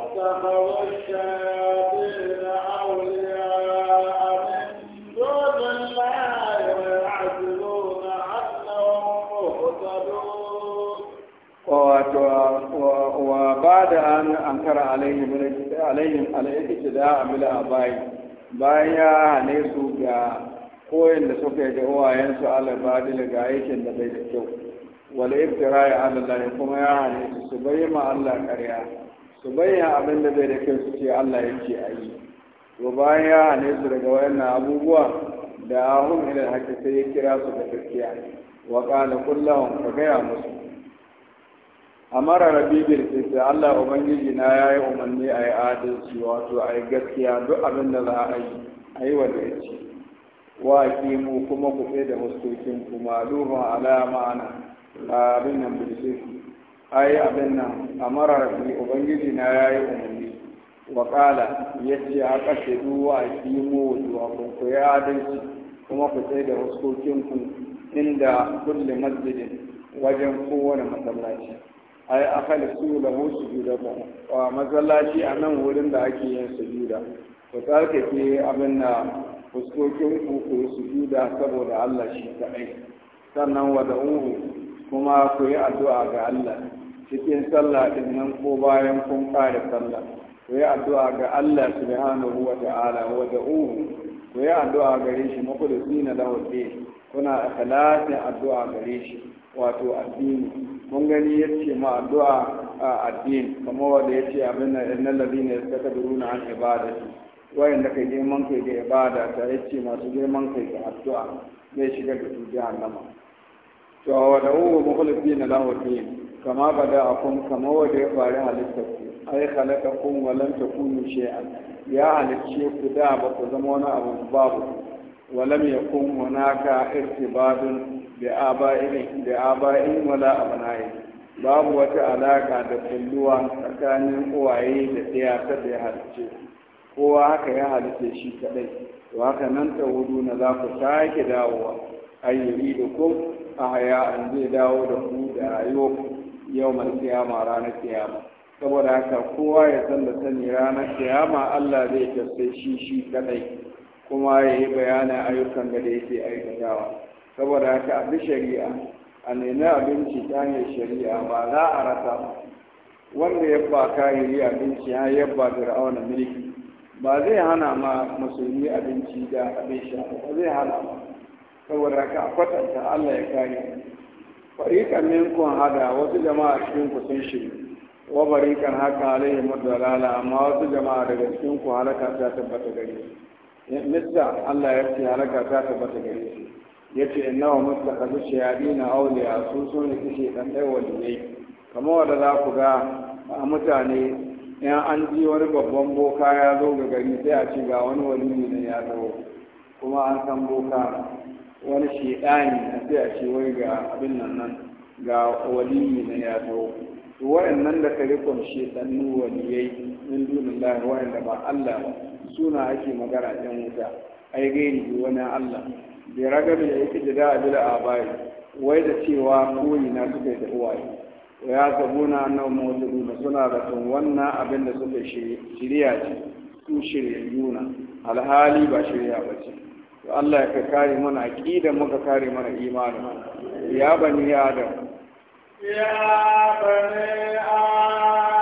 واتخذ الشياطين أولياء من دون الله ويعدلون عنهم مهتدون وبعد أن أنكر عليهم عليهم الاقتداء بالآبائهم bayan ya hane su ga koyin da suka yi da uwayensu alabadila ga aikin da bai da kyau wal ibtira'i ala Allah kuma ya hane su su bayyana Allah ƙarya su bayyana abin da bai da kyau su ce Allah yake a yi to bayan ya hane su daga wayannan abubuwa da ahun ila haƙƙi sai ya kira su da gaskiya wa da kullahum ka gaya musu amara rabi bil qisti Allah ubangiji na yayi umarni ayi adalci wato ayi gaskiya duk abin da za a yi ayi wa da yake wa mu kuma ku da muskokin kuma duba alama ana abin nan yi abin nan amara rabbi ubangiji na yayi umarni wa ya yace a kashe duwa a kimo wa ku ya adalci kuma ku sai da huskokin ku inda kulli masjidin wajen kowane masallaci ai akal su da musu juda ba masallaci a nan wurin da ake yin sujuda ku tsarkake abin na huskokin ku ku sujuda saboda Allah shi kadai sannan wa da'uhu kuma ku yi addu'a ga Allah cikin sallah din nan ko bayan kun kare sallah ku yi addu'a ga Allah subhanahu wa ta'ala wa da'u ku yi addu'a gare shi mukhlisina lahu din kuna ikhlasin addu'a gare shi wato addini mun gani yace ma addu'a a addini kamar wanda yace abin nan innal ladina yastakbiruna an ibadati wayanda kai girman kai ga ibada ta yace masu girman kai ga addu'a zai shiga da su jahannama to wada uwa mukhlisin lahu din kama bada akum kama wada ya fara halittar ku ai khalaqakum wa lam takunu shay'an ya halicce ku da ba ku zama wani abu babu ولم يكن هناك ارتباط بآبائهم بآبائهم ولا أبنائهم babu wata alaka da kulluwa tsakanin uwaye da ta da ya halicce. kowa haka ya halitta shi kadai to haka nan ta wudu na za ku sake dawowa ayyuri da kuma. ahaya an zai dawo da ku da rayuwarku yau mai kiyama ranar kiyama saboda haka kowa ya san da sani ranar kiyama Allah zai tafi shi shi kadai kuma ya yi bayanin ayyukan da yake aikatawa saboda haka a bi shari'a a nemi abinci ta hanyar shari'a ba za a rasa wanda ya ba kayayyaki abinci ya yabba ra'auna mulki ba zai hana ma musulmi abinci da abin sha ba zai hana ma saboda ka kwatanta Allah ya kare fariqan minkum hada wasu jama'a cikin ku sun shiri wa fariqan haka alaihi madalala amma wasu jama'a daga cikin ku halaka ta tabbata gare su mista Allah ya ce halaka ta tabbata gare su yace innahu mustaqalu shayadina awliya su sun kishi dan dai waliyai kamar wanda za ku ga A mutane in an ji wani babban boka ya zo ga gari sai a ce ga wani waliyu ne ya zo kuma an san boka wani shaidani a sai a ce wai ga abin nan nan ga waliyi na ya zo wa'in nan da ka rikon shaidannu waliyai min wa'in wayanda ba Allah ba suna ake magana ɗan wuta ai gairi wani Allah bai ragabi da yake da abin a bayi wai da cewa koyi na suka yi da uwaye ya zabuna annahu mawduduna suna da tun wannan abin da suka shirya ce su shirya yuna alhali ba shirya ba ce Allah ka kare mana aqida mu ka kare mana imani ya bani adam ya bani adam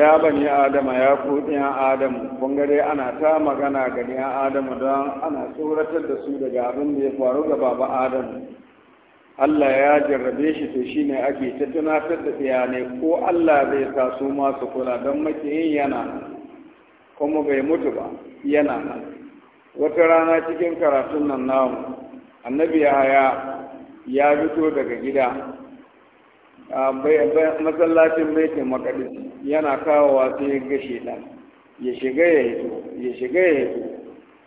ya bani adama ya ku ya adamu kun gare ana ta magana ga ya adamu don ana tsoratar da su daga abin da ya faru ga baba adamu Allah ya jarrabe shi to shine ake ta tunatar da ɗiyanai ko Allah zai sa su masu kula don makiyin yana kuma bai mutu ba yana nan wata rana cikin karatun nan namu annabi ya ya fito daga gida masallacin baitin makadis yana kawowa sai ya gashe ɗan ya shiga ya hito ya shiga ya hito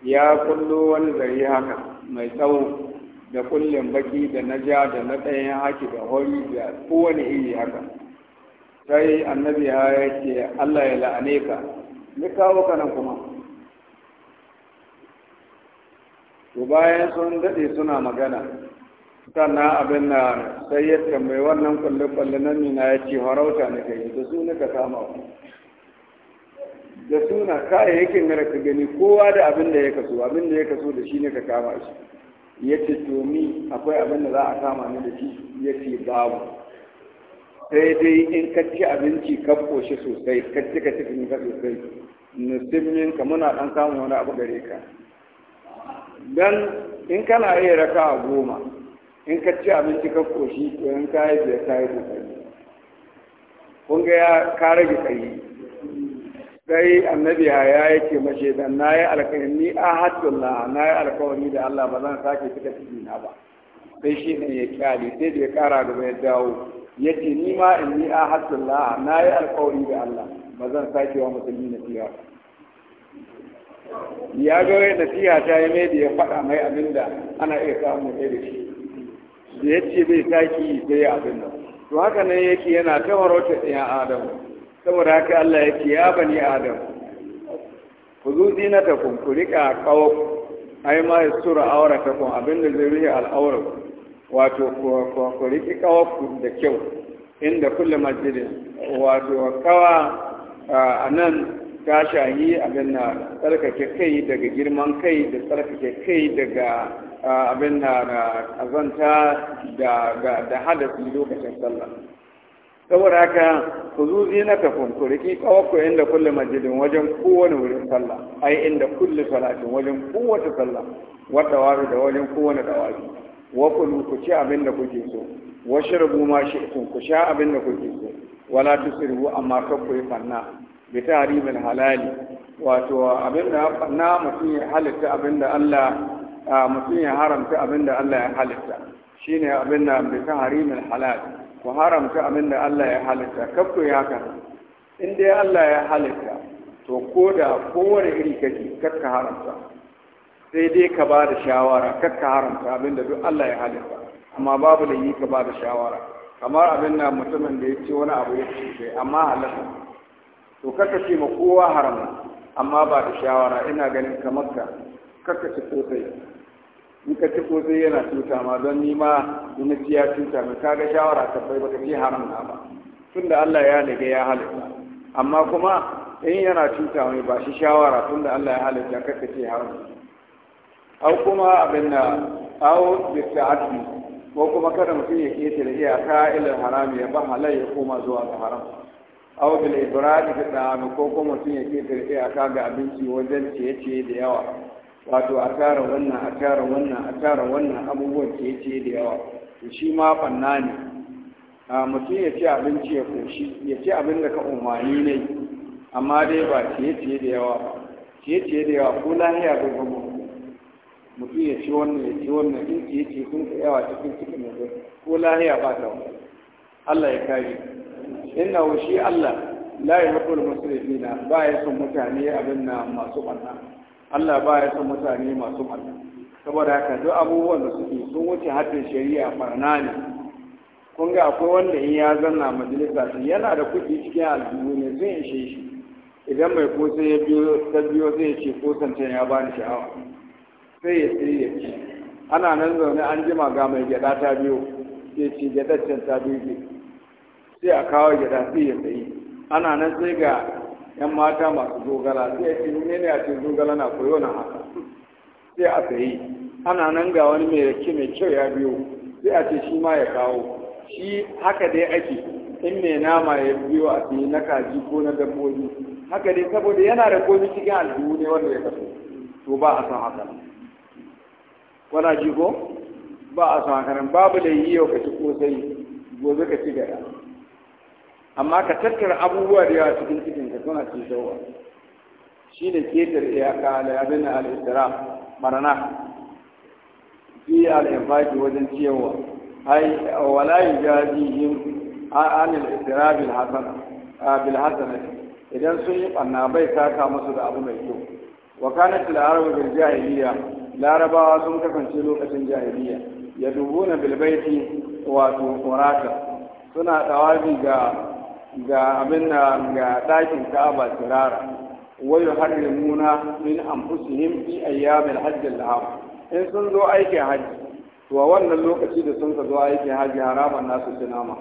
ya kullo wani zari haka mai tsawo da kullum baki da na ja da na ɗayan haki da hori da kowane iri haka sai annabi ya ce allah ya la'ane ka ni kawo ka nan kuma to bayan sun daɗe suna magana sannan abin na sai ya tambayi wannan kwalle-kwalle na nuna ya ce harauta ne kai da su ne ka kama ku da suna kayayyakin da ka gani kowa da abin da ya kaso abin da ya kaso da shi ne ka kama shi ya ce mi akwai abin da za a kama ni da shi ya ce babu sai dai in ka ci abinci ka koshi sosai ka ci ka ci ka sosai nusimin ka muna dan samun wani abu gare ka dan in kana iya raka a goma in ka ci abinci ka koshi to in ka yi biyar ta yi kokari kun ga ya ka rage tsayi sai annabi ya yake mace dan na yi alkawarini a haddullah na yi alkawari da Allah ba zan sake fita ciki na ba sai shi ne ya kyale sai da ya kara da ya dawo ya ce ni ma in ni a haddullah na yi alkawari da Allah ba zan sake wa musulmi na fiya ya ga wai nasiha ta yi mai da ya faɗa mai abinda ana iya samun ɗaya da shi da ya ce bai saki sai ya abin nan to haka nan yake yana ta wata ɗaya adam saboda haka Allah ya ce ya bani adam ku zu zinata kun ku riƙa kawo ai ma ya sura aura ta kun abin da zai rihe al'aura wato ku riƙi kawo ku da kyau inda kulle masjidin wato kawa a nan ta shahi abin na tsarkake kai daga girman kai da tsarkake kai daga abin na azanta da hadasi lokacin sallah saboda haka ku zuzi na kafin ku riki kawakku inda kulle majalin wajen kowane wurin sallah ai inda kulle salatin wajen kowace sallah wata wari da wajen kowane dawari wa ku ci abin da kuke so wa shirbu ma shi ku sha abin da kuke so wala tusrifu amma kar ku yi fanna bi tahrimil halali wato abin da fanna mutum ya halitta abin da Allah mutum ya haramta abinda Allah ya halitta shine abin da ta Harimin halal ku haramta abinda Allah ya halitta kafku ya haka in dai Allah ya halitta to ko da kowane iri kake kakka haramta sai dai ka ba da shawara kakka haramta abinda duk Allah ya halitta amma babu da yi ka ba da shawara kamar abin na mutumin da ya ce wani abu ya ce sai amma halatta to kakka ce ma kowa haram amma ba da shawara ina ganin kamar ka kakka ce sosai in ka ci sai yana cuta ma don ni ma ci ya cuta mai kaga shawara ta bai baka ce haram na ba da Allah ya daga ya halitta amma kuma in yana cuta mai ba shi shawara da Allah ya halitta ka ce haram au kuma abin na au bisa'ati ko kuma kada mutum ya iya ka ilin haram ya ba halai ya koma zuwa ga haram au bil ibrad da ko kuma mutum ya iya ka ga abinci wajen ciye-ciye da yawa wato a tara wannan a tara wannan a tara wannan abubuwan ke ce da yawa to shi ma fanna ne a mutum ya ci abinci ya koshi ya ci abin da ka umarni ne amma dai ba ciye ciye da yawa ba ciye ciye da yawa ko lahiya ko ba mutum ya ci wannan ya ci wannan in ciye ciye sun ka yawa cikin cikin mutum ko lahiya ba ta Allah ya kare inna wa shi Allah la yuhibbul musrifina ba ya son mutane abin na masu banna Allah ba ya san mutane masu ɓarna saboda haka duk abubuwan da suke sun wuce haddin shari'a Farana ne kun ga akwai wanda in ya zanna majalisa shi yana da kuɗi cikin aljihu ne zai ishe shi idan mai kusa ya biyo ta biyo zai ce ko sancan ya bani sha'awa sai ya sai ya ce ana nan zaune an jima ga mai gyaɗa ta biyo sai ce gyaɗaccen ta biyo sai a kawo gyaɗa sai ya sayi ana nan sai ga yan mata masu zogala sai a ce ne ne a cikin zogala na koyo na haka sai a sayi ana nan ga wani mai rake mai kyau ya biyo sai a ce shi ma ya kawo shi haka dai ake in mai nama ya biyo a sayi na kaji ko na dabbobi haka dai saboda yana da komi cikin aljihu ne wanda ya kaso to ba a san haka wana jigo ba a san haka babu da yi yau ka ci sai gobe ka ci gada amma ka tattara abubuwa da yawa cikin cikin ka suna ci shawwa shi ne ketar iyaka al'adun al'isra marana fi al'infaki wajen cewa, ai wala yujazihim an al'isra bil hasana bil hasana idan sun yi banna bai saka musu da abu mai kyau wa kanat al arabu bil jahiliya larabawa sun kasance lokacin jahiliya ya dubuna bil baiti wato qurata suna dawabi ga ga abin da ga ɗakin ka'aba turara wayo muna min anfusihim fi ayyamil hajj al-haram in sun zo aikin haji to a wannan lokaci da sun ka zo aikin haji haraman nasu ci nama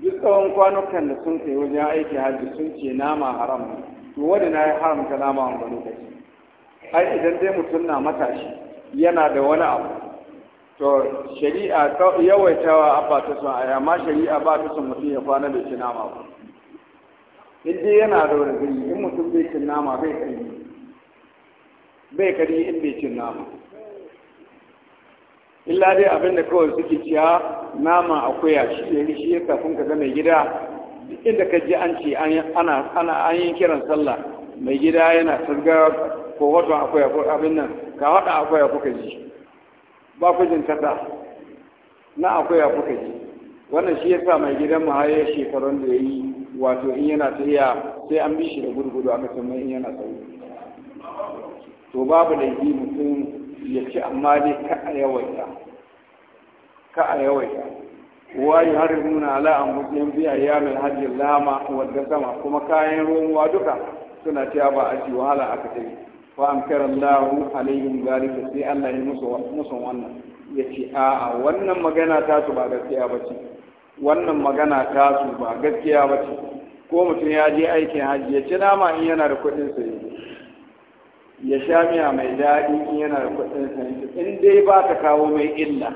duk tsawon kwanukan da sun kai wajen aikin haji sun ce nama haram to wani na yi haramta nama wani lokaci ai idan dai mutum na matashi yana da wani abu to shari'a yawaitawa an ba ta son a amma shari'a ba ta son mutum ya kwana da shi nama ba in dai yana da wani gari in mutum bai cin nama bai kari bai kari in bai cin nama illa dai abinda kawai suke ciya ah, nama akuya shi ne shi ya kafin ka ga mai gida inda ka ji an ce ana an yi kiran sallah mai gida yana tasgawa ko wato akwai abin nan ka haɗa akuya kuka ji ba ku jin kasa na akwai a kuka ji wannan shi yasa mai gidan mu har shekarun da yayi wato in yana tafiya sai an bi shi da gurgudu aka san mai in yana tsaye to babu da yi mutum ya ci amma dai ka a yawaita ka a yawaita har nuna ala an mutum biya ya mai hajji lama wadda sama kuma kayan ruwan duka suna ta ba a ci wahala aka tafi fa amkara Allah alaihim zalika sai Allah ya musu musu wannan yace a'a wannan magana ta su ba gaskiya bace wannan magana ta su ba gaskiya bace ko mutum ya je aikin hajji ya ci nama in yana da kuɗin saye ya sha miya mai daɗi in yana da kuɗin saye in dai ba ka kawo mai illa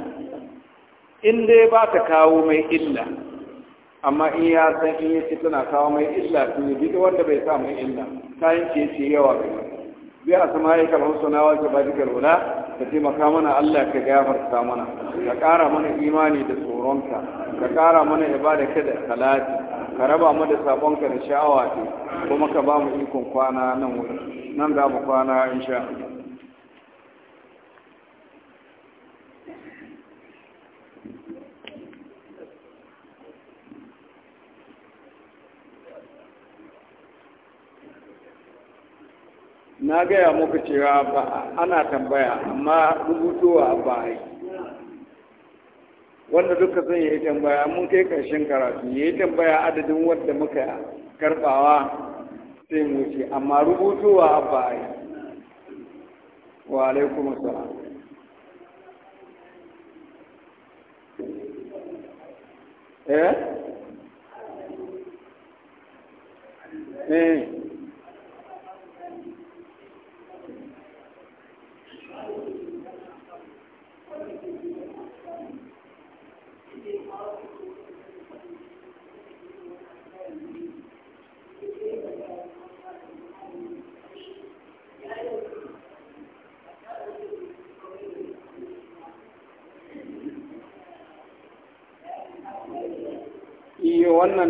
in dai ba ka kawo mai illa amma in ya san in ya ci tana kawo mai illa sun ya bi wanda bai sa mai illa kayan ce yawa gari bi a sama ya kalmar sunawa ka ba dukkan hula ka taimaka mana Allah ka gafarta mana ka ƙara mana imani da tsoronka ka ƙara mana ibada ka da ka raba mu da saƙonka da sha'awa kuma ka ba mu ikon kwana nan wuri nan za mu kwana insha Allah na gaya muku cewa ba ana tambaya amma rubutowa ba yi wanda duka zai yi tambaya mun kai karshen karatu ya yi tambaya adadin wanda muka karbawa sai mu ce amma rubutowa ba yi wa alaikum assalam eh eh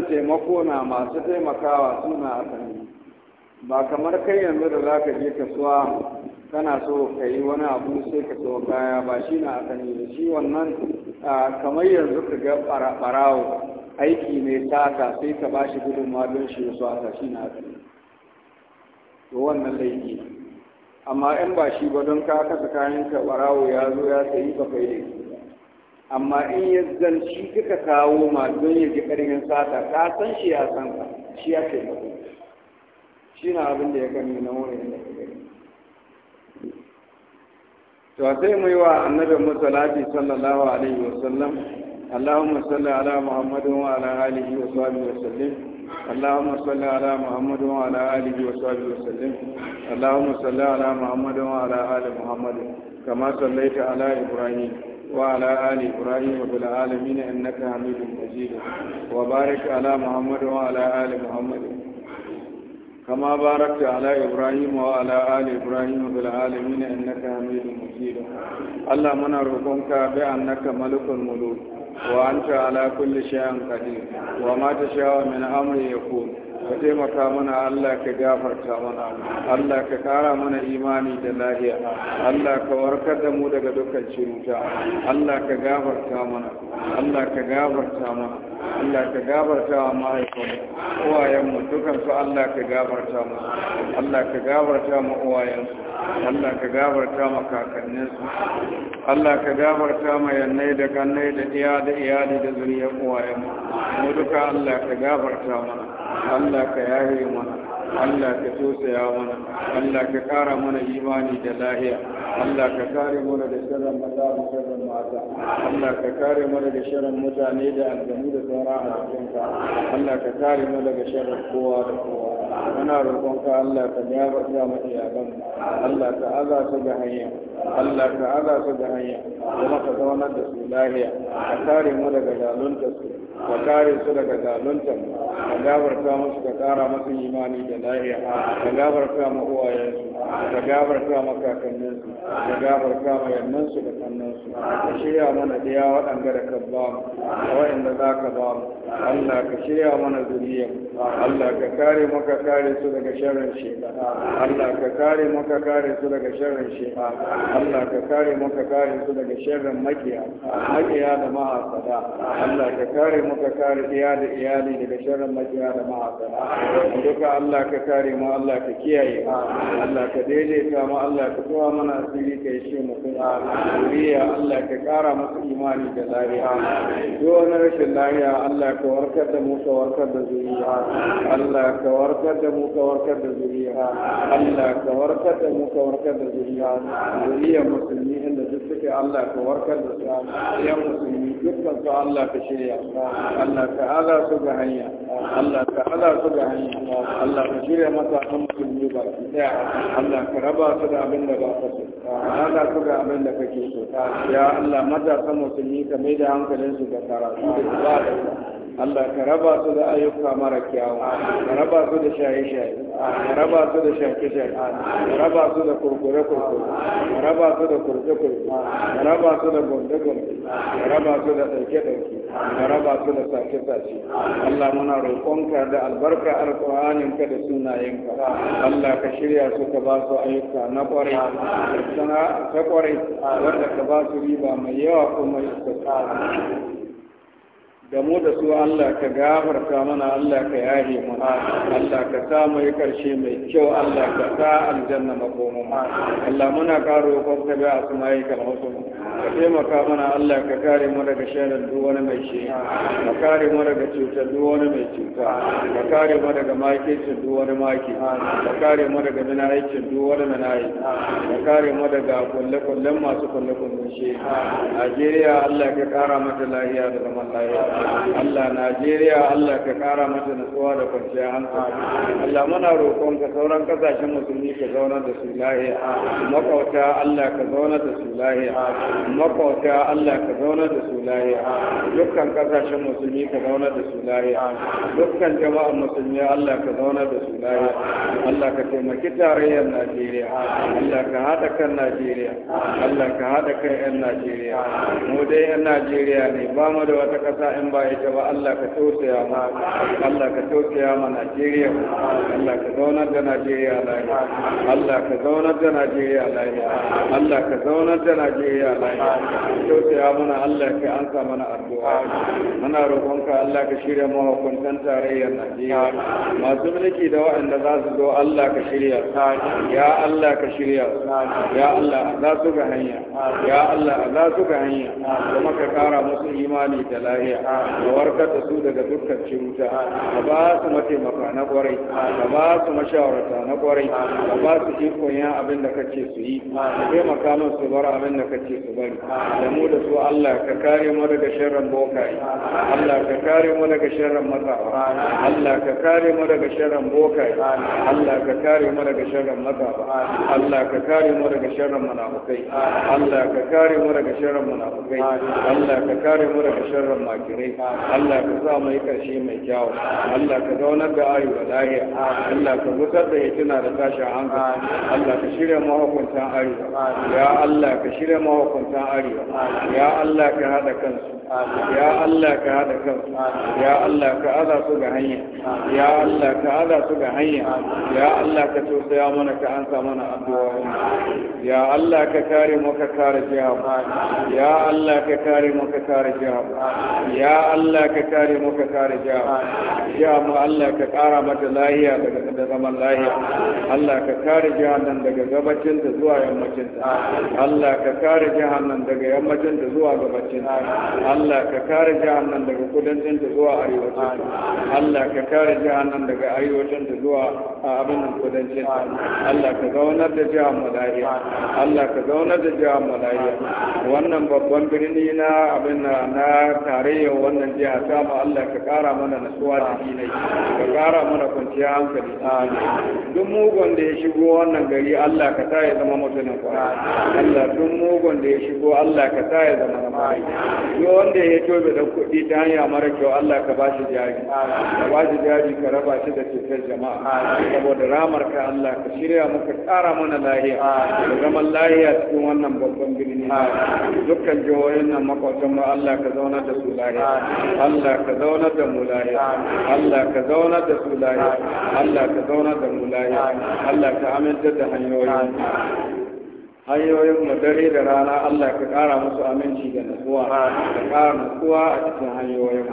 taimako na masu taimakawa suna asali ba kamar kai yanzu da za ka je kasuwa kana so ka yi wani abu sai ka so kaya ba shi na asali da shi wannan kamar yanzu ka ga barawo aiki ne taka sai ka ba shi gudun don shi wasu a shi na to wannan laifi amma in ba shi ba don ka kasa kayan ka barawo ya zo ya sayi ba kai laifi amma in ya zan shi kika kawo ma don ya ji ƙarfin sata ka san shi ya san ka shi ya ce mutum shi na abin da ya gani na wani da ka gani sai mu yi wa annabi musalati sallallahu alaihi wa اللهم صل على محمد وعلى آله وصحبه وسلم اللهم صل على محمد وعلى آله وصحبه وسلم اللهم صل على محمد وعلى آل محمد كما صليت على إبراهيم وعلى آل إبراهيم في العالمين إنك حميد مجيد وبارك على محمد وعلى آل محمد كما باركت على إبراهيم وعلى آل إبراهيم في العالمين إنك حميد مجيد اللهم نرجوك بأنك ملك الملوك وأنت على كل شيء قدير وما تشاء من أمر يكون ka taimaka mana Allah ka gafarta mana Allah ka kara mana imani da lahiya Allah ka warkar da mu daga dukkan ciruta Allah ka gafarta mana Allah ka gabarta ma Allah ka gabarta wa mahaifin uwayen mu dukan su Allah ka gabarta mu Allah ka gabarta mu uwayen su Allah ka gabarta mu kakannin su Allah ka gabarta mu yannai da kannai da iya da iyali da zuriyar uwayen mu mu duka Allah ka gabarta mana Allah ka yahi mana Allah ka tosaya mana Allah ka kara mana imani da lahiya Allah ka kare mana da sharrin maza da sharrin mata Allah ka kare mana da sharrin mutane da aljanu da sauran halittunka Allah ka kare mana daga sharrin kowa da kowa muna roƙonka Allah ka gyara mu iyalanmu Allah ka aza su ga hanya Allah ka aza su da hanya kuma ka zaunar da su lahiya ka kare mu daga zalunta su ka kare su daga zalunta ka gabarta musu ka kara masu imani da lahiya ka gabarta mu uwayensu ka gabarta mu kakanninsu ka gabarta mu su da kannansu ka shirya mana diya waɗanda da ka ba mu da waɗanda za ka ba mu Allah ka shirya mana zuriya Allah ka kare mu ka kare su daga sharrin shekara Allah ka kare mu ka kare su daga sharrin shekara Allah ka kare muka kare su daga sharrin makiya makiya da mahasada Allah ka kare muka kare iya da iyali daga sharrin makiya da mahasada duka Allah ka kare mu Allah ka kiyaye Allah ka daidaita mu Allah ka kowa mana asiri ka yi shi mutum zuriya Allah ka kara musu imani da lafiya duk wani rashin lafiya Allah ka warkar da mu ka warkar da zuriya Allah ka warkar da mu ka warkar da zuriya Allah ka warkar da mu ka warkar da zuriya niyyar musulmi inda duk suke Allah ka warkar da su yan musulmi dukkan su Allah ka shirya Allah ka ala su ga hanya Allah ka ala su ga hanya Allah ka shirya matasan musulmi ba su daya Allah ka raba su da abin da ba su ala su ga abin da kake so ya Allah matasan musulmi ka mai da hankalin su ga karatu da su Allah ka raba su da ayyuka mara kyawu ka raba su da shaye-shaye ka raba su da shake-shake ka raba su da kurkure-kurkure ka raba su da kurje kurje ka raba su da gonde gonde ka raba su da ɗauke sake ka raba su da saake-sake. sace Allah muna roƙonka da albarka ka da ka Allah ka shirya su ka ba su ayyuka na ƙwarai ta ƙwarai wanda ka ba su riba mai yawa ko mai tsakara da mu da su Allah ka gafarta mana Allah ka yare mu Allah ka sa mu karshe mai kyau Allah ka sa aljanna makomu Allah muna karo kwanka bi asma'ikal husna ka taimaka mana Allah ka kare mu daga sharar duk wani mai shi ka kare mu daga cutar duk wani mai cuta ka kare mu daga makicin duk wani maki ka kare mu daga minayicin duk wani minayi ka kare mu daga kulle-kullen masu kulle-kullen shi Najeriya Allah ka kara mata lahiya da zaman lahiya Allah Najeriya Allah ka kara mata nutsuwa da kwanciyar hankali Allah muna roƙon ka sauran kasashen musulmi ka zauna da su lahiya makauta Allah ka zauna da su lahiya makwauta Allah ka zaunar da su lahiya dukkan kasashen musulmi ka zaunar da su lahiya dukkan jama'an musulmi Allah ka zaunar da su lahiya Allah ka taimaki tarayyar Najeriya Allah ka haɗa kan Najeriya Allah ka haɗa kan 'yan Najeriya mu dai 'yan Najeriya ne ba mu da wata kasa in ba ita ba Allah ka tausaya ma Allah ka tausaya ma Najeriya Allah ka zaunar da Najeriya lahiya Allah ka zaunar da Najeriya lahiya Allah ka zaunar da Najeriya lahiya tausaya mana Allah ka ansa mana addu'a muna roƙonka Allah ka shirya mahukuntan tarayyar Najeriya masu mulki da waɗanda za su zo Allah ka shirya ya Allah ka shirya ya Allah za su ga hanya ya Allah za su ga hanya kuma ka kara musu imani da lahiya ka warkar da su daga dukkan ciruta ka ba su mataimaka na kwarai ka ba su mashawarta na kwarai ka ba su ikon yan abin da kake su yi ka taimaka min su bar abin da kake su bari kafirin da mu da su Allah ka kare mu daga sharrin bokai Allah ka kare mu daga sharrin matsawa Allah ka kare mu daga sharrin bokai Allah ka kare mu daga sharrin matsawa Allah ka kare mu daga sharrin munafukai Allah ka kare mu daga sharrin munafukai Allah ka kare mu daga sharrin makirai Allah ka sa mu yi karshe mai kyau Allah ka zaunar da ayu da lahiya Allah ka gusar da hitina da tashin hankali Allah ka shirya mahukuntan ayu ya Allah ka shirya mahukuntan makwabtan arewa ya Allah ka haɗa kansu ya Allah ka haɗa kansu ya Allah ka aza su ga hanya ya Allah ka aza su ga hanya ya Allah ka tausaya mana ka ansa mana addu'a ya Allah ka kare mu ka kare jiha ya Allah ka kare mu ka kare jiha ya Allah ka kare mu ka kare jiha ya mu Allah ka kara mata lahiya daga da zaman lahiya Allah ka kare jiha nan daga gabacin ta zuwa yammacin ta Allah ka kare jiha jahannan daga yammacin da zuwa gabacin Allah ka kare jihar nan daga kudancin da zuwa arewacin Allah ka kare jihar nan daga arewacin da zuwa abin kudancin Allah ka zaunar da jihar mu Allah ka zaunar da jihar mu wannan babban birni na abin na tarayyar wannan jiha ta Allah ka kara mana nasuwa da dinai ka kara mana kwanciyar hankali amin duk mugun da ya shigo wannan gari Allah ka ta ya zama mutumin kwarai Allah duk mugun da ya shigo Allah ka ta ya zama na mai duk wanda ya tobe da kuɗi ta hanya mara kyau Allah ka bashi jari ka bashi jari ka raba shi da cutar jama'a saboda ramar ka Allah ka shirya muka tsara mana lahiya da zaman lahiya cikin wannan babban birni dukkan jihohin nan makwatan mu Allah ka zauna da su lahiya Allah ka zauna da mu lahiya Allah ka zauna da su lahiya Allah ka zauna da mu Allah ka amintar da hanyoyin hanyoyin dare da rana Allah ka ƙara musu aminci da nasuwa, ka ƙara nasuwa a cikin hanyoyin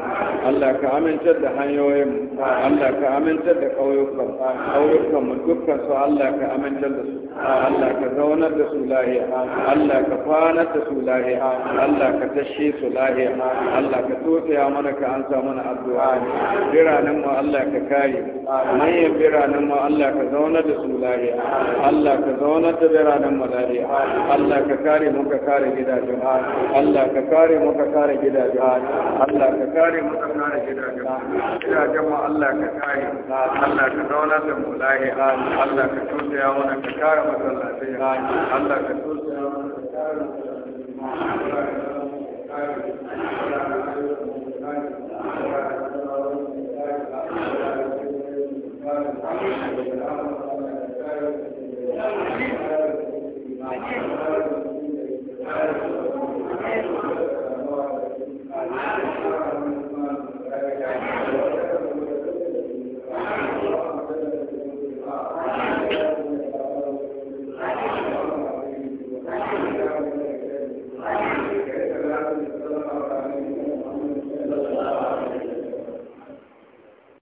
Allah ka amintar da hanyoyin Allah ka amintar da ƙauyukan ƙauyukan mu dukkan su Allah ka amintar da su Allah ka zaunar da su lahiya Allah ka kwanar da su lahiya Allah ka tashe su lahiya Allah ka tosaya mana ka an sa mana addu'a biranen mu Allah ka kare manyan biranen mu Allah ka zaunar da su lahiya Allah ka zaunar da biranen mu lahiya Allah ka kare mu ka kare gidajen Allah ka kare mu ka kare gidajen Allah ka kare mu ka kare gidajen gidajen mu Allah ka kare Allah ka zauna da mu lahi Allah ka tausaya mana ka kare masallatai Allah ka tausaya mana ka kare Thank you.